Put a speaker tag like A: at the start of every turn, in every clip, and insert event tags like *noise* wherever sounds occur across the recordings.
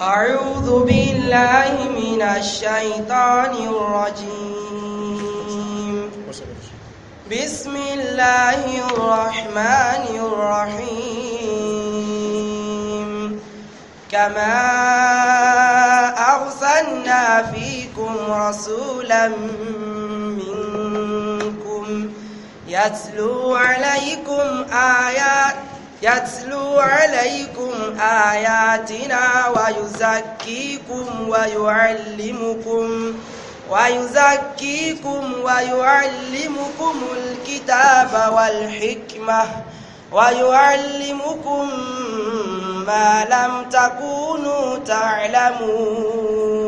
A: أعوذ بالله من الشيطان الرجيم بسم الله الرحمن الرحيم كما أرسلنا فيكم رسولا منكم يتلو عليكم آيات يتلو عليكم آياتنا ويزكيكم ويعلمكم ويزكيكم ويعلمكم الكتاب والحكمة ويعلمكم ما لم تكونوا تعلمون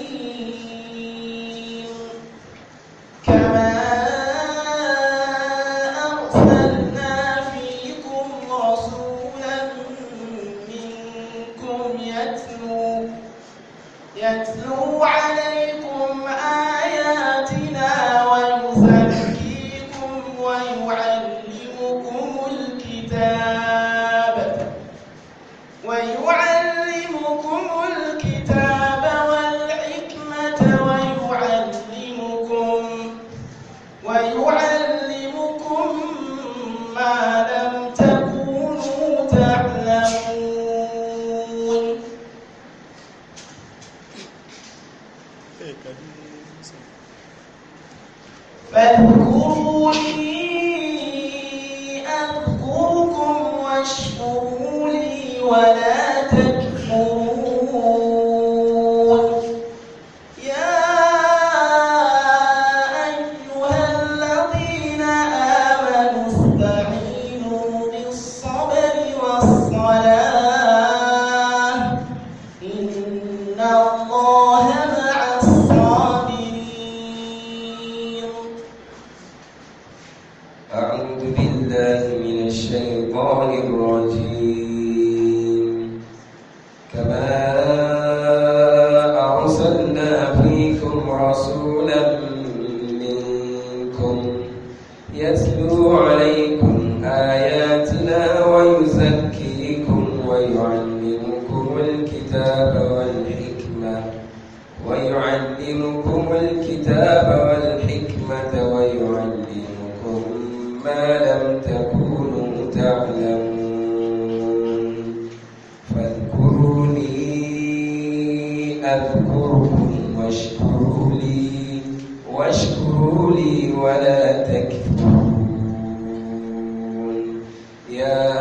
A: يا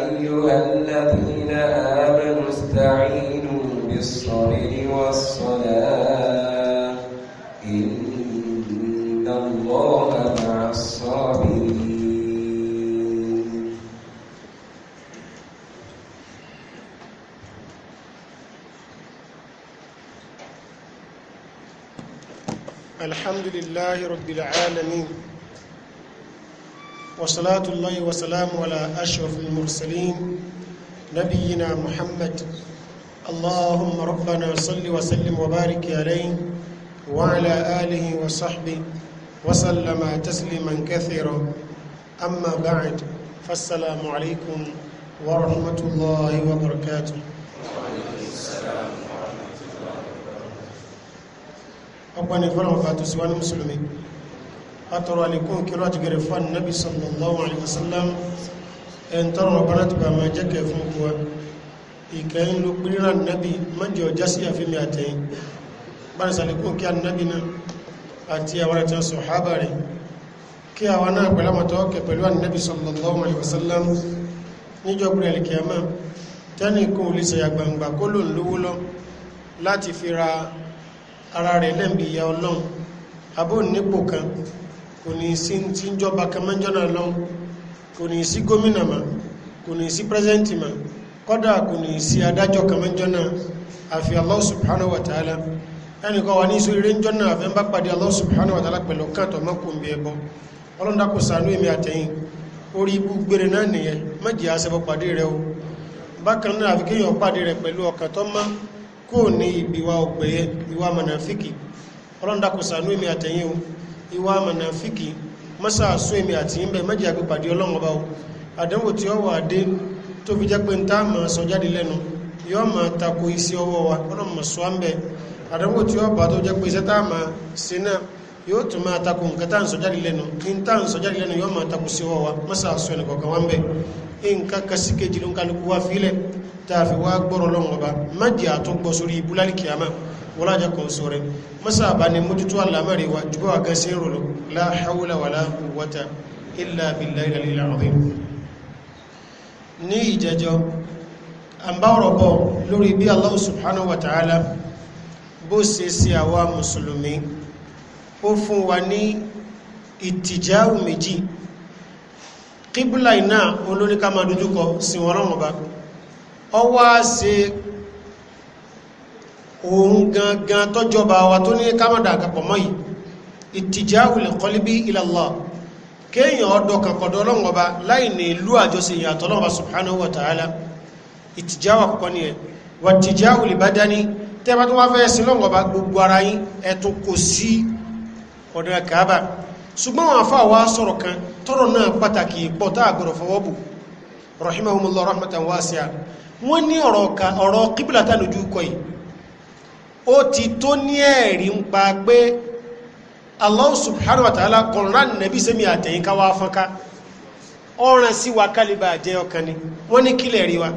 A: أيها الذين آمنوا استعينوا بالصبر والصلاة إن الله مع الصابرين
B: الحمد لله رب العالمين وصلاة الله وسلام على أشرف المرسلين نبينا محمد اللهم ربنا صل وسلم وبارك عليه وعلى آله وصحبه وسلم تسليما كثيرا أما بعد فالسلام عليكم ورحمة الله وبركاته
A: وعليكم السلام ورحمة الله
B: أبواني فرحة سوان مسلمين atọrọ alikun kiri ati gẹrẹ fún anabi sallallahu alayhi wa sallam ẹn tọrọ ọbara ti bàmà jẹ kẹ fún kuwa ìkẹyìn ló pínlẹ anabi mọjì ọjà sí àfihàn àtẹyìn bára salikun kí anabi náà àti àwọn àti sọhábà rẹ̀ kí àwọn náà pẹ̀lú àwọn tọwọ kẹ pẹ̀lú anabi sallallahu alayhi wa níjọ pínlẹ alikẹyàmá tẹni kò lè ṣẹyà gbangba kó ló ń lówó lọ láti fi ara rẹ̀ lẹ́m̀bì ìyá ọlọ́run abóhùn nípò kan kò ní sí tí ń jọba kẹmẹ́jọ́nà lọ kò ní sí gómìnà mà kò ní sí pírẹsidẹ́ǹtì mà kọ́dà kò ní sí adájọ́ kẹmẹ́jọ́nà àfi Allah subhanahu wa ta'ala ẹnìkan wà ní ìṣó eré ń jọ́nà àfẹ́ pàdé Allah subhanahu wa ta'ala pẹ̀lú káàtọ̀ mọ́kùnbí ẹbọ ọlọ́dà kò sànú èmi àtẹ̀yìn orí ibú gbére náà nìyẹn méjì àṣẹbọ pàdé rẹ o bákan náà àfi kéèyàn pàdé rẹ pẹ̀lú ọkàn tó mọ́ kò ní ìbíwá ọgbẹ̀yẹ ìwà mọ̀nàfíkì ọlọ́dà kò àtẹ̀yìn o ìwà mọ̀nàfíkì mọ́sá àṣọ èmi àti ìbẹ̀ mẹ́jì àpípàdé ọlọ́run ọba o àdánwò tí ó wà dé tó fi jẹ́ pé ń tá mọ̀ sọ jáde lẹ́nu yóò mọ̀ tako iṣẹ́ ọwọ́ wa ọlọ́run mọ̀ sọ ámbẹ̀ àdánwò tí ó bá tó jẹ́ pé iṣẹ́ tá mọ̀ sí náà yóò tún máa tako nǹkan tá à ń sọ jáde lẹ́nu kí n tá sọ jáde lẹ́nu yóò máa wọ́n lájẹ́ kò sóre mọ́sàbá ni mójútó àlámẹ́rí wa jùbọ́ àgán sí ìrọ̀lọ́ la hawla wala quwwata illa billahi al-'aliyyil 'azim ní ìjẹjọ́ àbáwọ̀rọ̀bọ̀ lórí bí Allah subhanahu wa ta'ala bó ṣe sí àwa mùsùlùmí ó fún wa iná olóníkà máa dojúkọ sí wọn lọ́wọ́ bá òun gangan tọ́jọba wa tó ní kámọ̀dà àkàpọ̀ mọ́ yìí ìtìjáhùl qalbi ila Allah kéèyàn ọdọ̀ kàkọ̀dọ̀ ọlọ́run ọba láì ní ìlú àjọsí ìyàtọ̀ ọlọ́run ọba subhanahu wa ta'ala ìtìjáhù àkọ́kọ́ ni ẹ̀ wà ìtìjáhùl badani tẹ́bà tó wá fẹ́ sí ọlọ́run ọba gbogbo ara yín ẹ̀tún kò sí ọ̀dọ̀ kàábà ṣùgbọ́n rahimahumullah rahmatan wasi'a wọ́n ní ọ̀rọ̀ kíbìlátà lójú kọ́ yìí ó ti tó ní ẹ̀rí ń pa pé Allah subhanahu wa ta'ala kọ̀nrán nàbí àtẹ̀yìnká wá fọ́nká ọ̀ràn sí wa kálíbà jẹ́ ọkàn ni wọ́n ní kílẹ̀ rí wa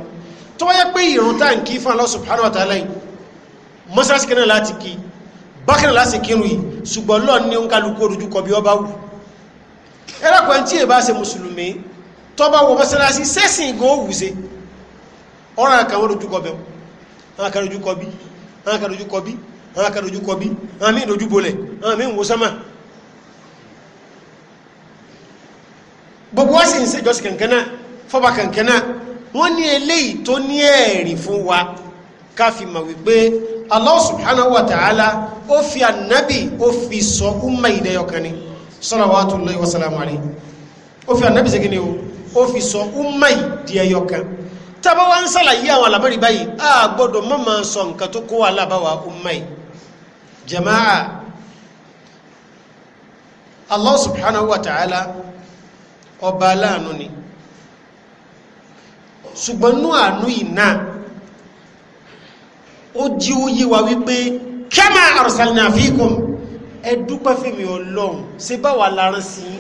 B: tó wáyé pé ìrùn tá ń kí fún Allah subhanahu wa ta'ala yìí mọ́sálásí kinu láti kí bákẹ́nà láti kírun yìí ṣùgbọ́n wu àwọn kan dojú kọ bí àwọn kan dojú kọ bí àwọn míì dojú bolẹ̀ àwọn míì wo sánmà gbogbo wá sì ń ṣèjọsìn kankan náà fọba kankan náà wọ́n ní eléyìí tó ní ẹ̀rí wa ká fi mọ̀ wípé Allah subhanahu wa ta'ala o fi ànábì o fi sọ umma ìdẹ́yọkan ni salawatullahi wa salamu alayhi ó fi ànábì ṣe o ó fi sọ umma ìdẹ́yọkan tàbá wá ń sàlàyé àwọn alamari báyìí a gbọ́dọ̀ mọ́ ma sọ nǹkan tó kó alábáwà ummai jama'a Allah subhanahu wa ta'ala ọba aláàánú ni ṣùgbọ́n ní àánú ìná ó jí ó yíwa wípé kama arsalna fikum ẹdúpẹ́ fèmí ọlọ́run ṣe báwà lára sí yìí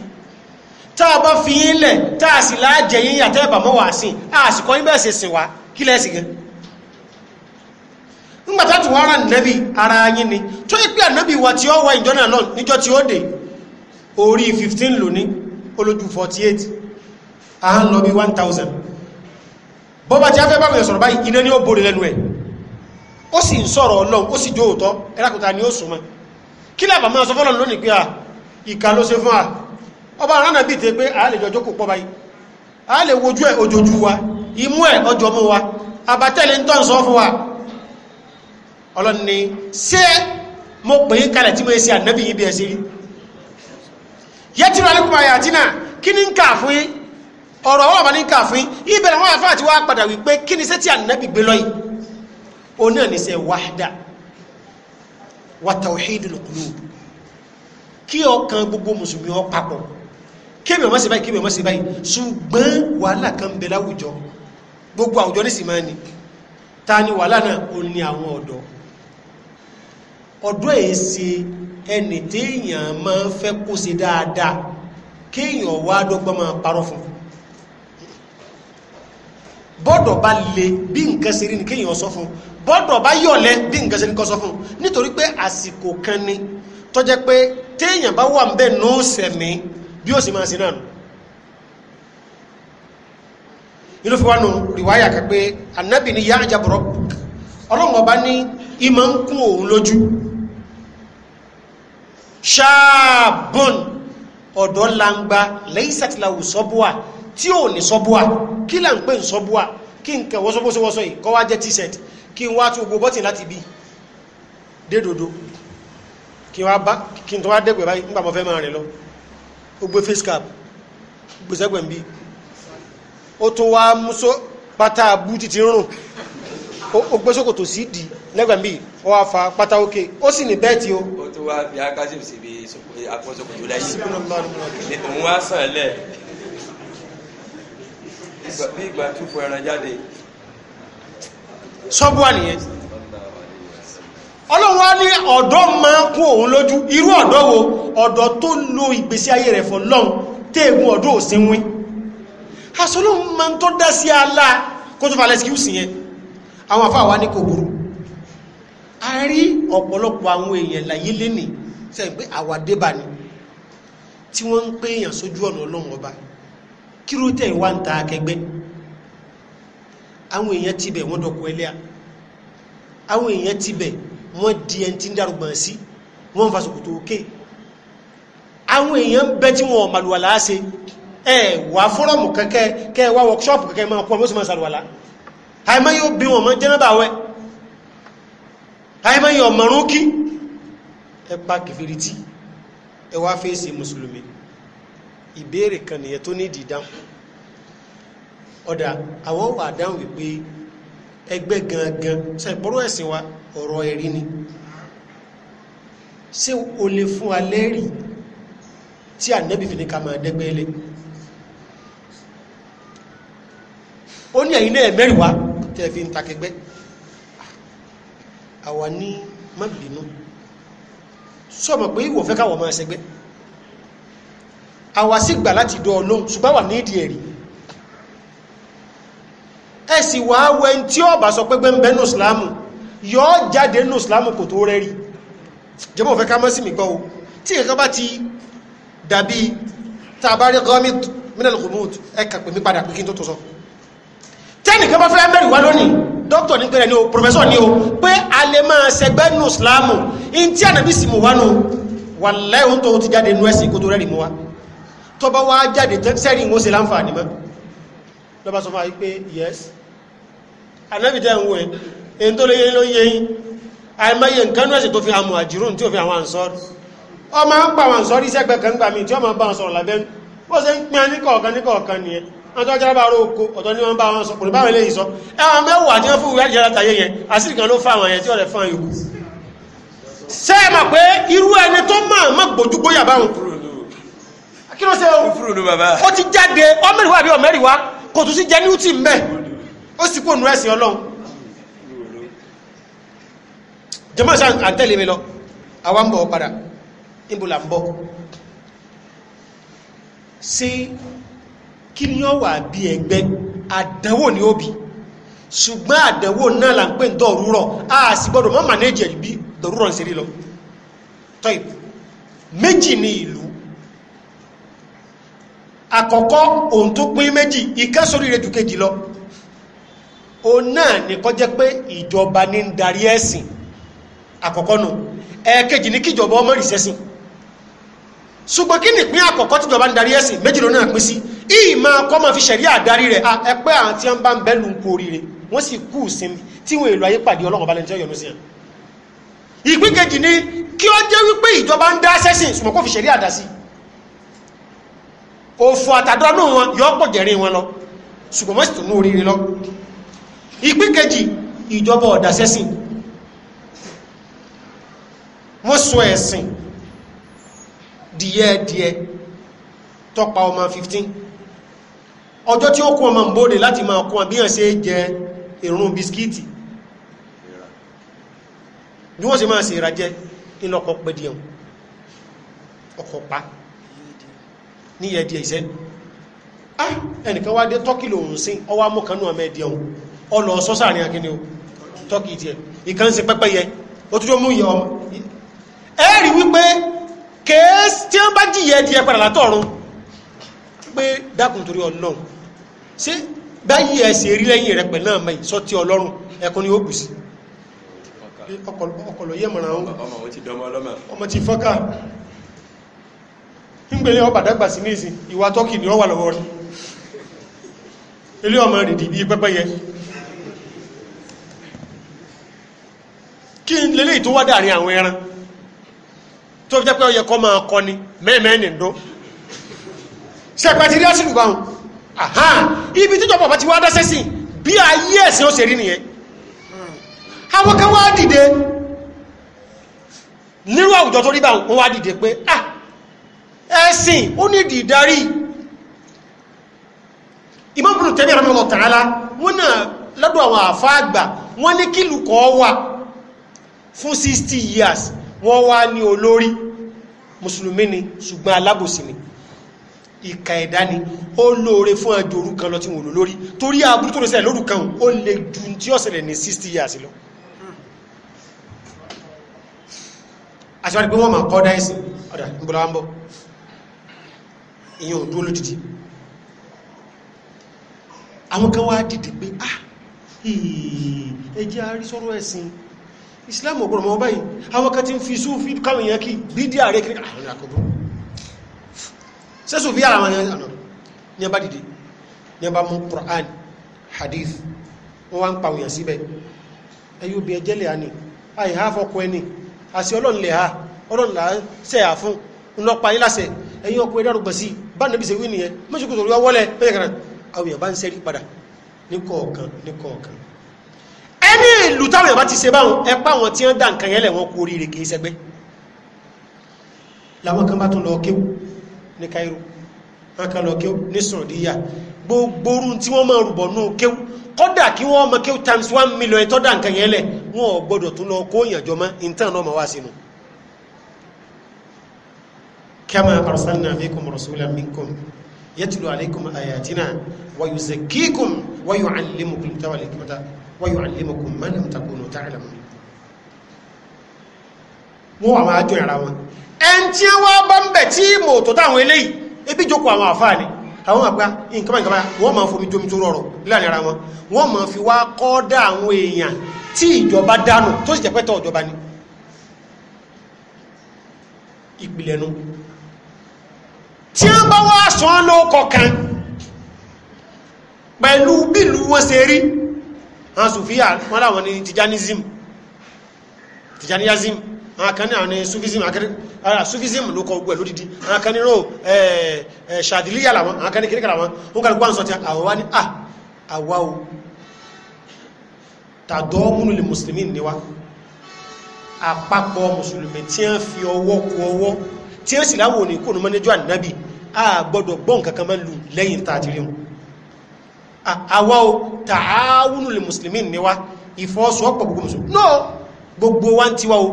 B: tá a bá fi ilẹ̀ tá a sì láàjẹ yín yàtẹ́ ìbàmọ́ wà sí àsìkò yín bẹ́ẹ̀ ṣe wa kí lẹ́sì tí wọ́n rà nẹ́bí ara yín ni tó yí pé wa tí ó wá ìjọ náà náà tí ó dé orí 15 lọ bí a fẹ́ báwọn báyìí iná ó borí lẹ́nu ẹ̀ ó sì ń sọ̀rọ̀ ọlọ́run ó sì jó òótọ́ ni ó kí sọ lónìí pé à ló ṣe ọba ránà bi tẹ́ pé a lè jọjọ́ kò pọ̀ báyìí a lè wojú ẹ̀ ojojú wa imú ẹ̀ ọjọ́ mú wa àbátẹ́lẹ̀ ń tọ́n fún wa ọlọ́ni ṣé mo pè é kalẹ̀ tí mo ṣe ànábì yìí bí ẹ ṣe rí yẹtìrọ alẹ́kùnmọ̀ àyà àti náà kí ni ń kà fún yín ọ̀rọ̀ ọwọ́ àbá ní ń kà fún yín ibẹ̀rẹ̀ wọn àfáà ti wá padà wípé kí ni sẹ́tì ànábì gbé lọ́yìn òun náà ní sẹ́ wáhdà wa tawhidul qulub kí ọkàn gbogbo mùsùlùmí ó papọ̀ kébì ọmọ sí báyìí kébì ọmọ sí báyìí ṣùgbọ́n wàhálà kan ń bẹ láwùjọ gbogbo àwùjọ ní sì máa ní ta ni wàhálà náà ó ní àwọn ọ̀dọ́ ọ̀dọ́ èé ṣe ẹni téèyàn máa fẹ́ kó ṣe dáadáa kéèyàn wá dọ́gbọ́n máa parọ́ fún bọ́dọ̀ bá le bí nǹkan ṣe rí ni kéèyàn sọ fún bọ́dọ̀ bá yọ̀lẹ́ bí nǹkan ṣe ní kọ́ sọ fún nítorí pé àsìkò kan ni tọ́jẹ́ pé téèyàn bá wà ń bẹ́ẹ̀ nù sẹ̀mí bí ó sì máa sí náà inú fi wá nù rìwáyà kan pé anábì ni yá àjàbù rabbuk ọlọ́run ọba ní ìmọ̀ ń kún òun lójú ṣáàbùn ọ̀dọ́ langba lẹ́yìnsàtìláwù sọ́bùà tí ò ní sọ́bùà kí là ń pè ń sọ́bùà kí n kẹwọ́ sọ́bọ́sọ́wọ́sọ́ yìí kọ́ wá jẹ́ t-shirt kí n wá tún gbogbo bọ́tì láti bí dédòdó kí n tó wá dẹ́gbẹ̀ báyìí nígbà mọ́ máa rìn lọ ó gbé face cap gbé sẹ́gbẹ̀ẹ́ bí ó tún wá múso pátá abú títí rùn ó gbé sókòtò sí dì lẹ́gbẹ̀ẹ́ bí ó wá fa pátá òkè ó sì ní bẹ́ẹ̀tì o.
A: ó tún wá fi akásìm sí ibi akọ́sọ̀kòtò lẹ́yìn òun wá sàn
B: lẹ̀ bí ìgbà tó ẹran jáde. sọ́gbọ́n nìyẹn ọlọ́run wá ní ọ̀dọ́ máa ń kún òun lójú irú ọ̀dọ́ wo ọ̀dọ́ tó lo ìgbésí ayé rẹ̀ fún lọ́n téègùn ọ̀dọ́ òsínwín asọ́lọ́run máa ń tó dá sí alá kó tó falẹ̀ síkú sí yẹn àwọn afá wa ní kò a rí ọ̀pọ̀lọpọ̀ àwọn èèyàn láyé lénìí sẹ́yìn pé àwàdébà ni tí wọ́n ń pé èèyàn sójú ọ̀nà ọlọ́run ọba kí ló tẹ̀ wá ń ta akẹgbẹ́ àwọn èèyàn tibẹ̀ wọ́n dọ̀kọ̀ ẹlẹ́à àwọn èèyàn tibẹ̀ wọ́n di ẹni tí ń darúgbọ̀n sí wọ́n ń fa sòkòtò òkè àwọn èèyàn bẹ tí wọn màlúwàlá ṣe ẹ wà fọ́rọ̀mù kẹ́kẹ́ kẹ́ wá wọ́kṣọ́pù kẹ́kẹ́ máa pọ̀ mọ́sí máa sàlùwàlá àìmọ́ yóò bí wọn mọ́ jẹ́nàbà wẹ́
A: àìmọ́ yóò mọ̀rún
B: kí ẹ pa kìfìrí ẹ wá fèsì mùsùlùmí ìbéèrè kan nìyẹn tó ní ìdìdáhùn ọ̀dà àwọn wà dáhùn wípé ẹgbẹ́ gangan sẹ́pọ̀rọ̀ ẹ̀sìn wa ọ̀rọ̀ ẹ̀rí ni ṣé o lè fún alẹ́rìí tí ànẹ́bì fi ní ká máa dẹ́gbẹ́ lé ó ní ẹ̀yìn náà mẹ́rin wá tẹ́ fi ń takẹgbẹ́ àwa ní má bínú sọ̀mọ̀ pé ìwò fẹ́ káwọ̀ máa ṣẹgbẹ́ àwa sì gbà láti dọ́ ọlọ́run ṣùgbọ́n wà ní ìdí ẹ̀rí ẹ̀sì wà wẹ́ tí ó bá sọ pẹ́gbẹ́ ń bẹ́ nù islamu yọ́ jáde nù islamu kò tó rẹ́rí jẹ́mọ̀ fẹ́ ká mọ́ sí mi gbọ́ o tí ìkan bá ti dàbí tàbárí gọ́mìt mínàlù ni o pòfẹ́sọ̀ ni o pé a lè máa ṣẹgbẹ́ nù islamu in tí ànàbí sì mú wá nù wàláhì ohun tó ti jáde wa jáde sẹ́rí ìwọ́n ṣe láǹfààní mọ́ sọ fún wa yes anábìtẹ́ ń wò ẹ́ èyí tó lè yẹ ló yẹ yín àìmọye nǹkan náà sì tó fi àmọ̀ àjírùn tí ó fi àwọn àǹsọ́rì ọmọ ń pa àwọn àǹsọ́rì sẹ́gbẹ̀ kan gbà mí tí ọmọ bá wọn sọ̀rọ̀ lábẹ́ ó ṣe ń pín níkọ̀ọ̀kan níkọ̀ọ̀kan nìyẹn wọn tó jábà ró oko ọ̀tọ̀ ni wọ́n bá wọn sọ kò ní báwọn eléyìí sọ ẹwọn mẹ́wàá tí wọ́n fún ìwé àjẹrà tàyé yẹn àsìrì kan ló fa àwọn yẹn tí ọ̀rẹ́ fún ìlú ṣé ẹ mọ̀ pé irú ẹni tó máa má gbójú gbóyà báwọn kí ló ṣe o ó ti jáde ọmọ ìwà àbí ọmọ ìwà kò tún sí jẹ ní ùtì mbẹ́ ó sì kó nù ẹ̀sìn ọlọ́run jẹmọ́ sáà àtẹ́lẹ̀ mi lọ àwọn bọ̀ padà ìbùlà ń bọ̀ sí kí ni ó wà bí ẹgbẹ́ àdánwò ni ó ṣùgbọ́n àdánwò náà là ń pè ń dọ̀rúrọ̀ a sì gbọ́dọ̀ mọ́ mànẹ́jì ẹ̀rí bí dọ̀rúrọ̀ ń ṣeré lọ méjì ni ìlú àkọ́kọ́ ohun tó pín méjì ìkẹ́sórí rẹ̀ jù kejì lọ òun náà ní kó jẹ́ pé ìjọba ní ń darí ẹ̀sìn àkọ́kọ́ nù ẹ̀ẹ̀kejì ní kíjọba ọmọ ìṣẹ́sìn ṣùgbọ́n kí ni ìpín àkọ́kọ́ tíjọba ń darí ẹ̀sìn méjìlá náà pín sí ìyí máa kọ́ máa fi ṣẹ̀rí àdarí rẹ̀ ẹ̀pẹ́ àti ọ̀nba ń bẹ́ lu ń kú oríire wọ́n sì kú sinmi tí wọ́n èlò ayé pàdé ọlọ́run balẹ̀ tí ó yọnu sí yọ ìpín kejì ìjọba ọ̀dàsẹ́sìn wọ́n sọ ẹ̀sìn díẹ̀díẹ̀ tọ́pa ọmọ 15 ọjọ́ tí ó kún ọmọ mbóde láti máa kún àbíyàn sí jẹ ìrún bisikíìtì bí wọ́n sì máa sì ìrajẹ́ inú ọkọ̀ pẹ̀dì ẹ̀hùn ọkọ̀ pa ní ẹ̀dì ẹ̀sẹ́ ah, ẹnìkan wá dé tọ́kìlò òun sí ọwá mọ́kanú àmẹ́dì ẹ̀hùn ọlọ sọ́sà ní akíní o tọ́kì tí ẹ̀ ìkan sí pẹ́pẹ́yẹ ó tún mú ìyẹ ọmọ ẹ̀rí wípé kèésì tí wọ́n bá jìyẹ di ẹ padà látọ̀run pé dákùn torí ọlọ́run sí báyìí ẹ̀sẹ̀ rí lẹ́yìn rẹ̀ pẹ̀lú àmì sọ ti ọlọ́run ẹkùn ni ó bù sí ọkọ̀lọ̀ yẹ mọ̀ràn ohun ọmọ ni ó wà lọ́wọ́ rẹ̀ ilé ọmọ rẹ̀ dìbí pẹ́pẹ́yẹ kí n lélẹ́ ìtò wá dáàrin àwọn ẹran tó fi jẹ́ pé ọyẹ kọ́ máa kọ́ ni mẹ́ẹ̀mẹ́ ní ndó ṣẹpẹ́ ti rí àṣìlù báhùn àhán ibi tíjọba bá ti wá dáṣẹ́ sí bí ayé ẹ̀sìn ó ṣe rí nìyẹn àwọn kan wá dìde nírú àwùjọ tó rí báhùn wọ́n wá dìde pé ah ẹ̀sìn ó ní ìdí ìdarí Imam Ibn Taymiyyah rahimahullah ta'ala wọ́n náà lọ́dọ̀ àwọn àfáàgbà wọ́n ní kílù kọ́ wà fún 60 years wọ́n wá ní olórí mùsùlùmí ni ṣùgbọ́n alábòsí ni ìkà ẹ̀dá ni ó lóore fún ẹjọ́ òru kan lọ tí wọ́n lò lórí torí àbúrú tó lè ṣẹlẹ̀ lóru kan ó lè ju tí ó ṣẹlẹ̀ ní 60 years lọ aṣíwájú pé wọ́n máa kọ́ dá ẹ̀sìn ọ̀dà níbo láwọn bọ̀ ìyẹn ò dúró lójijì àwọn kan wá dìde pé ah ẹjẹ́ àrísọ́rọ̀ ẹ̀sìn islam ọgbọ̀rọ̀ mọ́ báyìí àwọn kan ti ń fi súfí káwọn èèyàn kí bídí ààrẹ kiri àwọn àkọ́bọ̀ ṣe súfí ara wọn ní ọba dìde ní ọba mú Qur'an hadith wọ́n wá ń pa òyàn síbẹ̀ ẹyí obì ẹjẹ́ lè ní àìhá fọ́kọ ẹni àti ọlọ́run lè ha ọlọ́run là ń sẹ́ à fún ńlọpa yín láṣẹ ẹ̀yìn ọkọ̀ ẹ̀dá rògbọ̀n sí bá nàbí ṣe wí nìyẹn mọ́ṣùkú sọ̀rọ̀ wọlé pẹ́yẹ̀kan àwọn èèyàn bá ń sẹ́rí padà ní kọ̀ọ̀kan ìlú táwọn èèyàn bá ti ṣe báwọn ẹ pa àwọn tí wọ́n dá nǹkan yẹn lẹ̀ wọ́n kú oríire kì í ṣẹgbẹ́ làwọn kan bá tún lọ kéwù ní Cairo wọ́n kan lọ kéwù ní sọ̀rọ̀díyà gbogbo orun tí wọ́n máa rùbọ̀ nù kéwù kọ́dà kí wọ́n mọ kéwù times one million tó dá nǹkan yẹn lẹ̀ wọ́n ò gbọ́dọ̀ tún lọ kó ìyànjọ mọ́ ìntàn náà mọ̀ wá sínú kama arsalna fikum rasulan minkum yatlu alaykum ayatina wa yuzakkikum ويعلمكم ما لم تكونوا تعلمون wọ́n wà máa jọ ìrà wọn ẹn tí wọ́n bá ń bẹ̀ tí mò tó táwọn eléyìí ebí jókòó àwọn àfáà ni àwọn àgbà nǹkan wọ́n máa fomi jomi tó rọrọ̀ láàrin wọn wọ́n máa fi wá kọ́dá àwọn èèyàn tí ìjọba dánù tó sì jẹ́ ìjọba ni ìpìlẹ̀nu tí wọ́n bá wá sọ ọ́ kan pẹ̀lú bílù wọn ṣe rí àwọn sùfíà wọ́n láwọn ní tijanism tijaniyasm àwọn kan ní àwọn ní sufism ara ah, sufism ló kọ ogun ẹ̀ lódìdí àwọn kan ní ró ṣàdìlíyà eh, eh, làwọn àwọn kan ní kìríkà làwọn wọ́n kàrí gbọ́n sọ ti àwọn wá ní à ah, àwa o tàdọ́mùnú lè mùsùlùmí ní wa àpapọ̀ mùsùlùmí tí wọ́n fi ọwọ́ kú ọwọ́ tí wọ́n sì láwọn àwa o tààwùnù lè mùsùlùmí ní wa ìfọwọ́sowọ́pọ̀ gbogbo mùsùlùmí no gbogbo wa ń tiwa o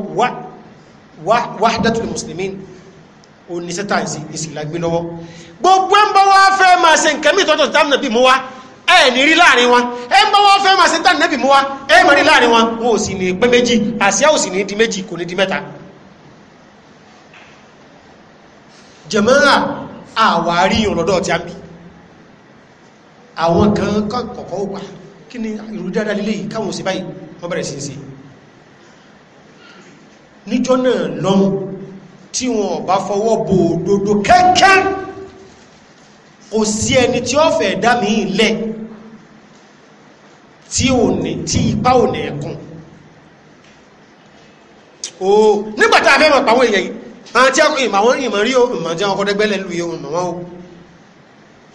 B: wàhádàtù lè mùsùlùmí o ní sẹ́tàǹsì ìsìlágbé lọ́wọ́ gbogbo ń bọ́ wá fẹ́ máa ṣe nǹkan mí tọ́tọ̀ tàbí mú wa ẹ ní rí láàrin wa ẹ ń bọ́ wá fẹ́ máa ṣe tàbí nàbí mú wa ẹ mọ̀ rí láàrin wa wọn ò sì ní pé méjì àsíá ò sì ní di méjì kò ní di mẹ́ta jẹ̀mọ́ra àwárí ọ̀lọ́dọ̀ tí a ń àwọn kan kọ̀kọ́ wà kí ni ìlú dáadáa lílé yìí káwọn sí báyìí wọ́n bẹ̀rẹ̀ sí sí níjọ́ náà lọ́mù tí wọn bá fọwọ́ bo òdodo kẹ́kẹ́ kò sí ẹni tí ó fẹ́ dá mi lẹ̀ tí ipá ò ní ẹ̀kùn nígbàtà afẹ́mọ̀ pàwọn èèyàn yìí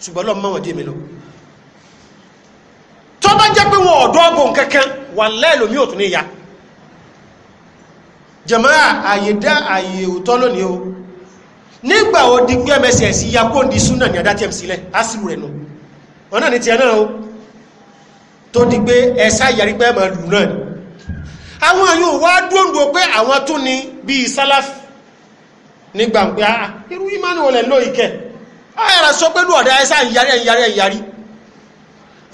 B: ṣùgbọ́n lọ́mọ wọn mi lọ bá jẹ́ pé wọn ọ̀dọ́ ọgbọ̀n kankan wà lẹ́lòmí òtún ní ìyá jẹ̀mọ́ra àyè dá àyè òtọ́ lónìí o nígbà o di pé mss ya kó ní súnà ní adátí ẹ̀msílẹ̀ ásìlù rẹ̀ nù wọn náà ní tiẹ̀ náà o tó di pé ẹ̀sá ìyàrí pé ẹ̀mọ̀ lù náà ni àwọn yóò wá dóńdó pé àwọn tó ní bíi sálàfì nígbà pé ah, irú ìmánu wọlé lóyìí kẹ àyàrá sọ pé lóòdà ẹ̀sá ìyàrí ẹ̀yàrí ẹ̀yàrí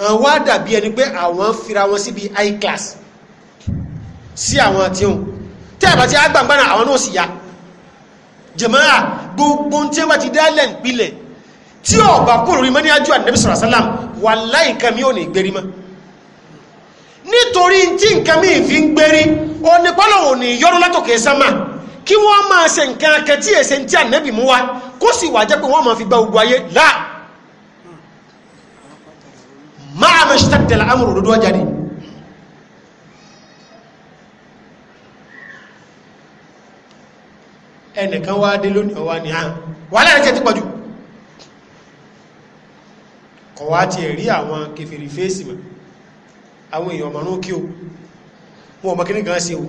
B: wá dàbí ẹni pé àwọn fira wọn síbi high class sí àwọn tí ó tẹ́ ẹ̀bà tí a gbàgbà náà àwọn náà sì ya jẹ̀mọ́ra gbogbo tí wọ́n ti dálẹ̀ ń pilẹ̀ tí ọba kò lórí mọ́ ní ajú ànábì sọ̀rọ̀ sálàm wà láì nǹkan mi ò ní gbérí mọ́ nítorí tí nǹkan mi fi ń gbérí ó ní pọ́lọ̀ ò ní yọ́rọ́ látòkè sámà kí wọ́n máa ṣe nǹkan akẹ́tí èsè tí ànábì mú wa kó sì wà jẹ́ pé wọ́n máa fi gba gbogbo ayé láà máa ṣe tàbí àmúrò òdodo ọjà ni ẹnìkan wá dé lónìí ọwá ni àà wà láàrín tẹ́ ti pọ̀jù kọ̀ wá ti ẹ̀rí àwọn kèfèrí fèsì mọ̀ àwọn èèyàn ọmọrún kí o wọn ọmọ kìnnìkan sí o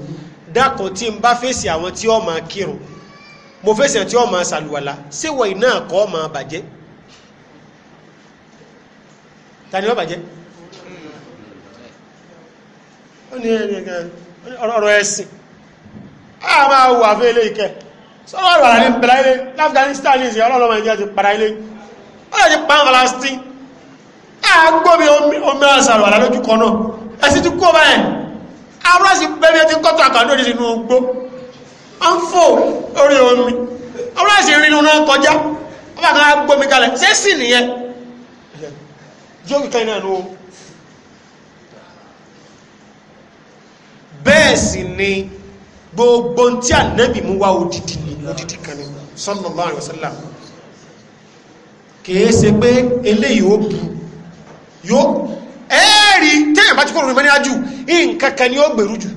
B: dákọ̀ tí ń bá fèsì àwọn tí ó máa kírun mo fèsì àwọn tí ó máa sàlùwàlá síwọ̀ iná kọ́ máa bàjẹ́ ta ni ó bàjẹ́ ó ní ọ̀rọ̀ ẹ̀sìn a máa wù àfẹ́ ilé ìkẹ́ sọ́rọ̀ ọ̀rọ̀ àrẹ bẹ̀rẹ̀ ilé Afghanistan ní ìsìn ọlọ́lọ́mọ ìjẹ́ ti para ilé ọ̀rọ̀ ti pa Palestine a gbóbi omi àṣàrò àrẹ lójú kan náà ẹ̀sì ti kó báyìí àwọn sì bẹ́ẹ̀ ti kọ́tọ̀ àkàndó ní inú gbó ń fò orí omi àwọn sì rí inú náà kọjá ọba kan gbómi kalẹ̀ sẹ́sìn nìyẹn jókè kẹ́ bẹ́ẹ̀ sì ni gbogbo tí ànábì mú wá odidi ni odidi kan ni sallallahu alaihi wasallam kìí ṣe pé eléyìí ó bu yóò ẹ́ẹ̀rí téèyàn bá ti kúrò nígbà níwájú nǹkan kan ni ó gbèrú jù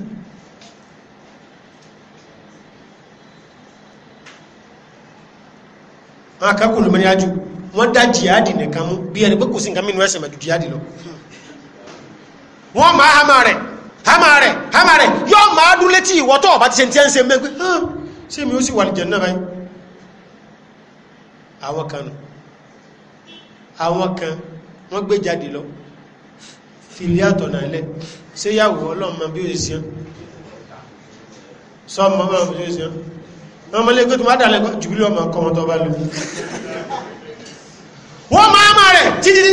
B: akẹ́kọ̀ọ́ lómi níwájú wọ́n dá jihadi nìkan mú bí ẹni pé kò sí nǹkan mìíràn ẹ̀sẹ̀ mẹ́jọ jihadi lọ wọ́n máa hama rẹ̀ hama rẹ̀ hama rẹ̀ yóò máa dún létí ìwọ́tọ̀ ọ̀bá ti ṣe tí ẹ ń ṣe mẹ́ pé ṣé mi ó sì wà ní jẹ̀nà báyìí àwọn kan àwọn kan wọ́n gbé jáde lọ fìlíàtọ̀ náà lẹ́ ṣé yàwó ọlọ́mọ bí ó ṣe ṣe sọ́mọ ọmọ bí ó ṣe ṣe ọmọ tó má dà lẹ́gbẹ́ jùbílẹ̀ ọmọ kọmọ bá lò wọ́n máa máa rẹ̀ títí títí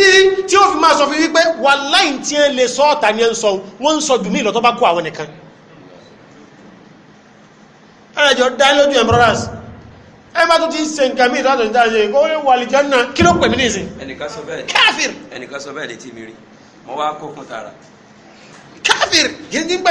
B: tí ó fi máa sọ fi wípé wà láì tí ẹ lè sọ ọ̀tà ni ẹ ń sọ wọ́n ń sọ jù mí ìlọ tó bá kó àwọn nìkan ẹjọ́ dáilójú emperors ẹ bá tó ti ṣe nǹkan mí ìtọ́jọ́ ìjà ṣe kó lè wà lìjẹ́ náà kí ló pè mí nìsín
A: káfíìr ẹnìkan sọ bẹ́ẹ̀ létí mi rí mo wá kó fún tara
B: káfíìr yìí ti ń pè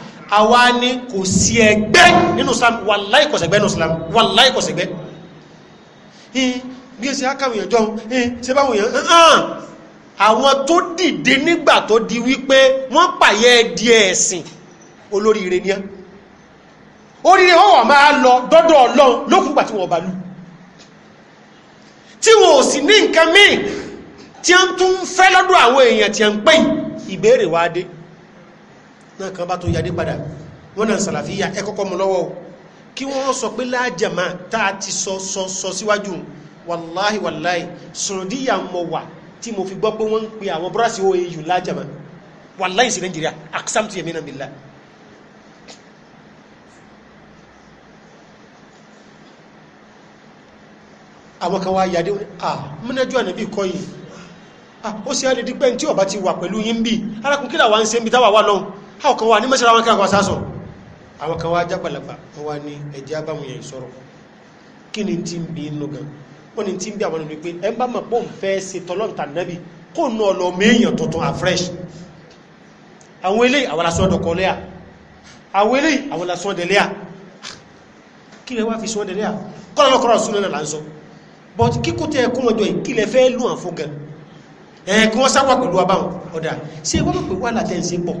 B: àwa ni kò sí ẹgbẹ́ nínú islam wàláì kò sẹ̀gbẹ́ nínú islam wàláì kò sẹ̀gbẹ́ bí ẹsẹ̀ akáwọn èèyàn jọun ṣe báwọn èèyàn hàn àwọn tó dìde nígbà tó di wípé wọ́n pàyẹ di ẹ̀sìn olóríire ni oríire wọn wà máa lọ dọ́dọ̀ ọlọ́run lókùngbà tí wọ́n bá lù tí wọn ò sì ní nǹkan míì tí wọ́n tún fẹ́ lọ́dọ̀ àwọn èèyàn tí wọ́n ń pè ìbéèrè wá dé náà kan bá tó yadé padà wọ́n náà sàlàfíà ẹ kọ́kọ́ mú lọ́wọ́ kí wọ́n sọ pé láàjàmá tá a ti sọ sọ sọ síwájú wàláhì wàláhì sùrùdíyà mọ̀ wà tí mo fi gbọ́ pé wọ́n ń pe àwọn búrásì oau láàjàmá wàláhì sí nàìjíríà aksam tu yẹmí náà bìlá àwọn kan wá yadé ah múnájú ànábì kọ́ yìí ah ó sì á lè dípẹ́ tí ọba ti wà pẹ̀lú yín bí arákùnkí làwọn ń ṣe ń bi táwa wà lọ́hùn àwọn kan wà ní mẹ́sàn àwọn kan wà sásọ̀ àwọn kan wà jápàlàpà wọ́n wà ní ẹ̀jẹ̀ abámúyẹ̀ sọ̀rọ̀ kí ni tí ń bí inú gan wọ́n ni tí ń bí àwọn olùgbé ẹ bá mọ̀ pé òun fẹ́ ṣe tọ́lọ́ǹtà nẹ́bì kó nù ọ̀lọ́ méèyàn tuntun afresh àwọn eléyìí àwọn lásán ọdọ̀kọ lẹ́à àwọn eléyìí àwọn lásán ọdẹ lẹ́à kí but kíkú tẹ ẹkún ọjọ́ yìí kí lẹ fẹ́ lù àfún gan ẹ̀ kí wọ́n sáwà pẹ̀lú abáwọn ọ̀dà ṣé wọ́n mọ̀ pé wà pọ̀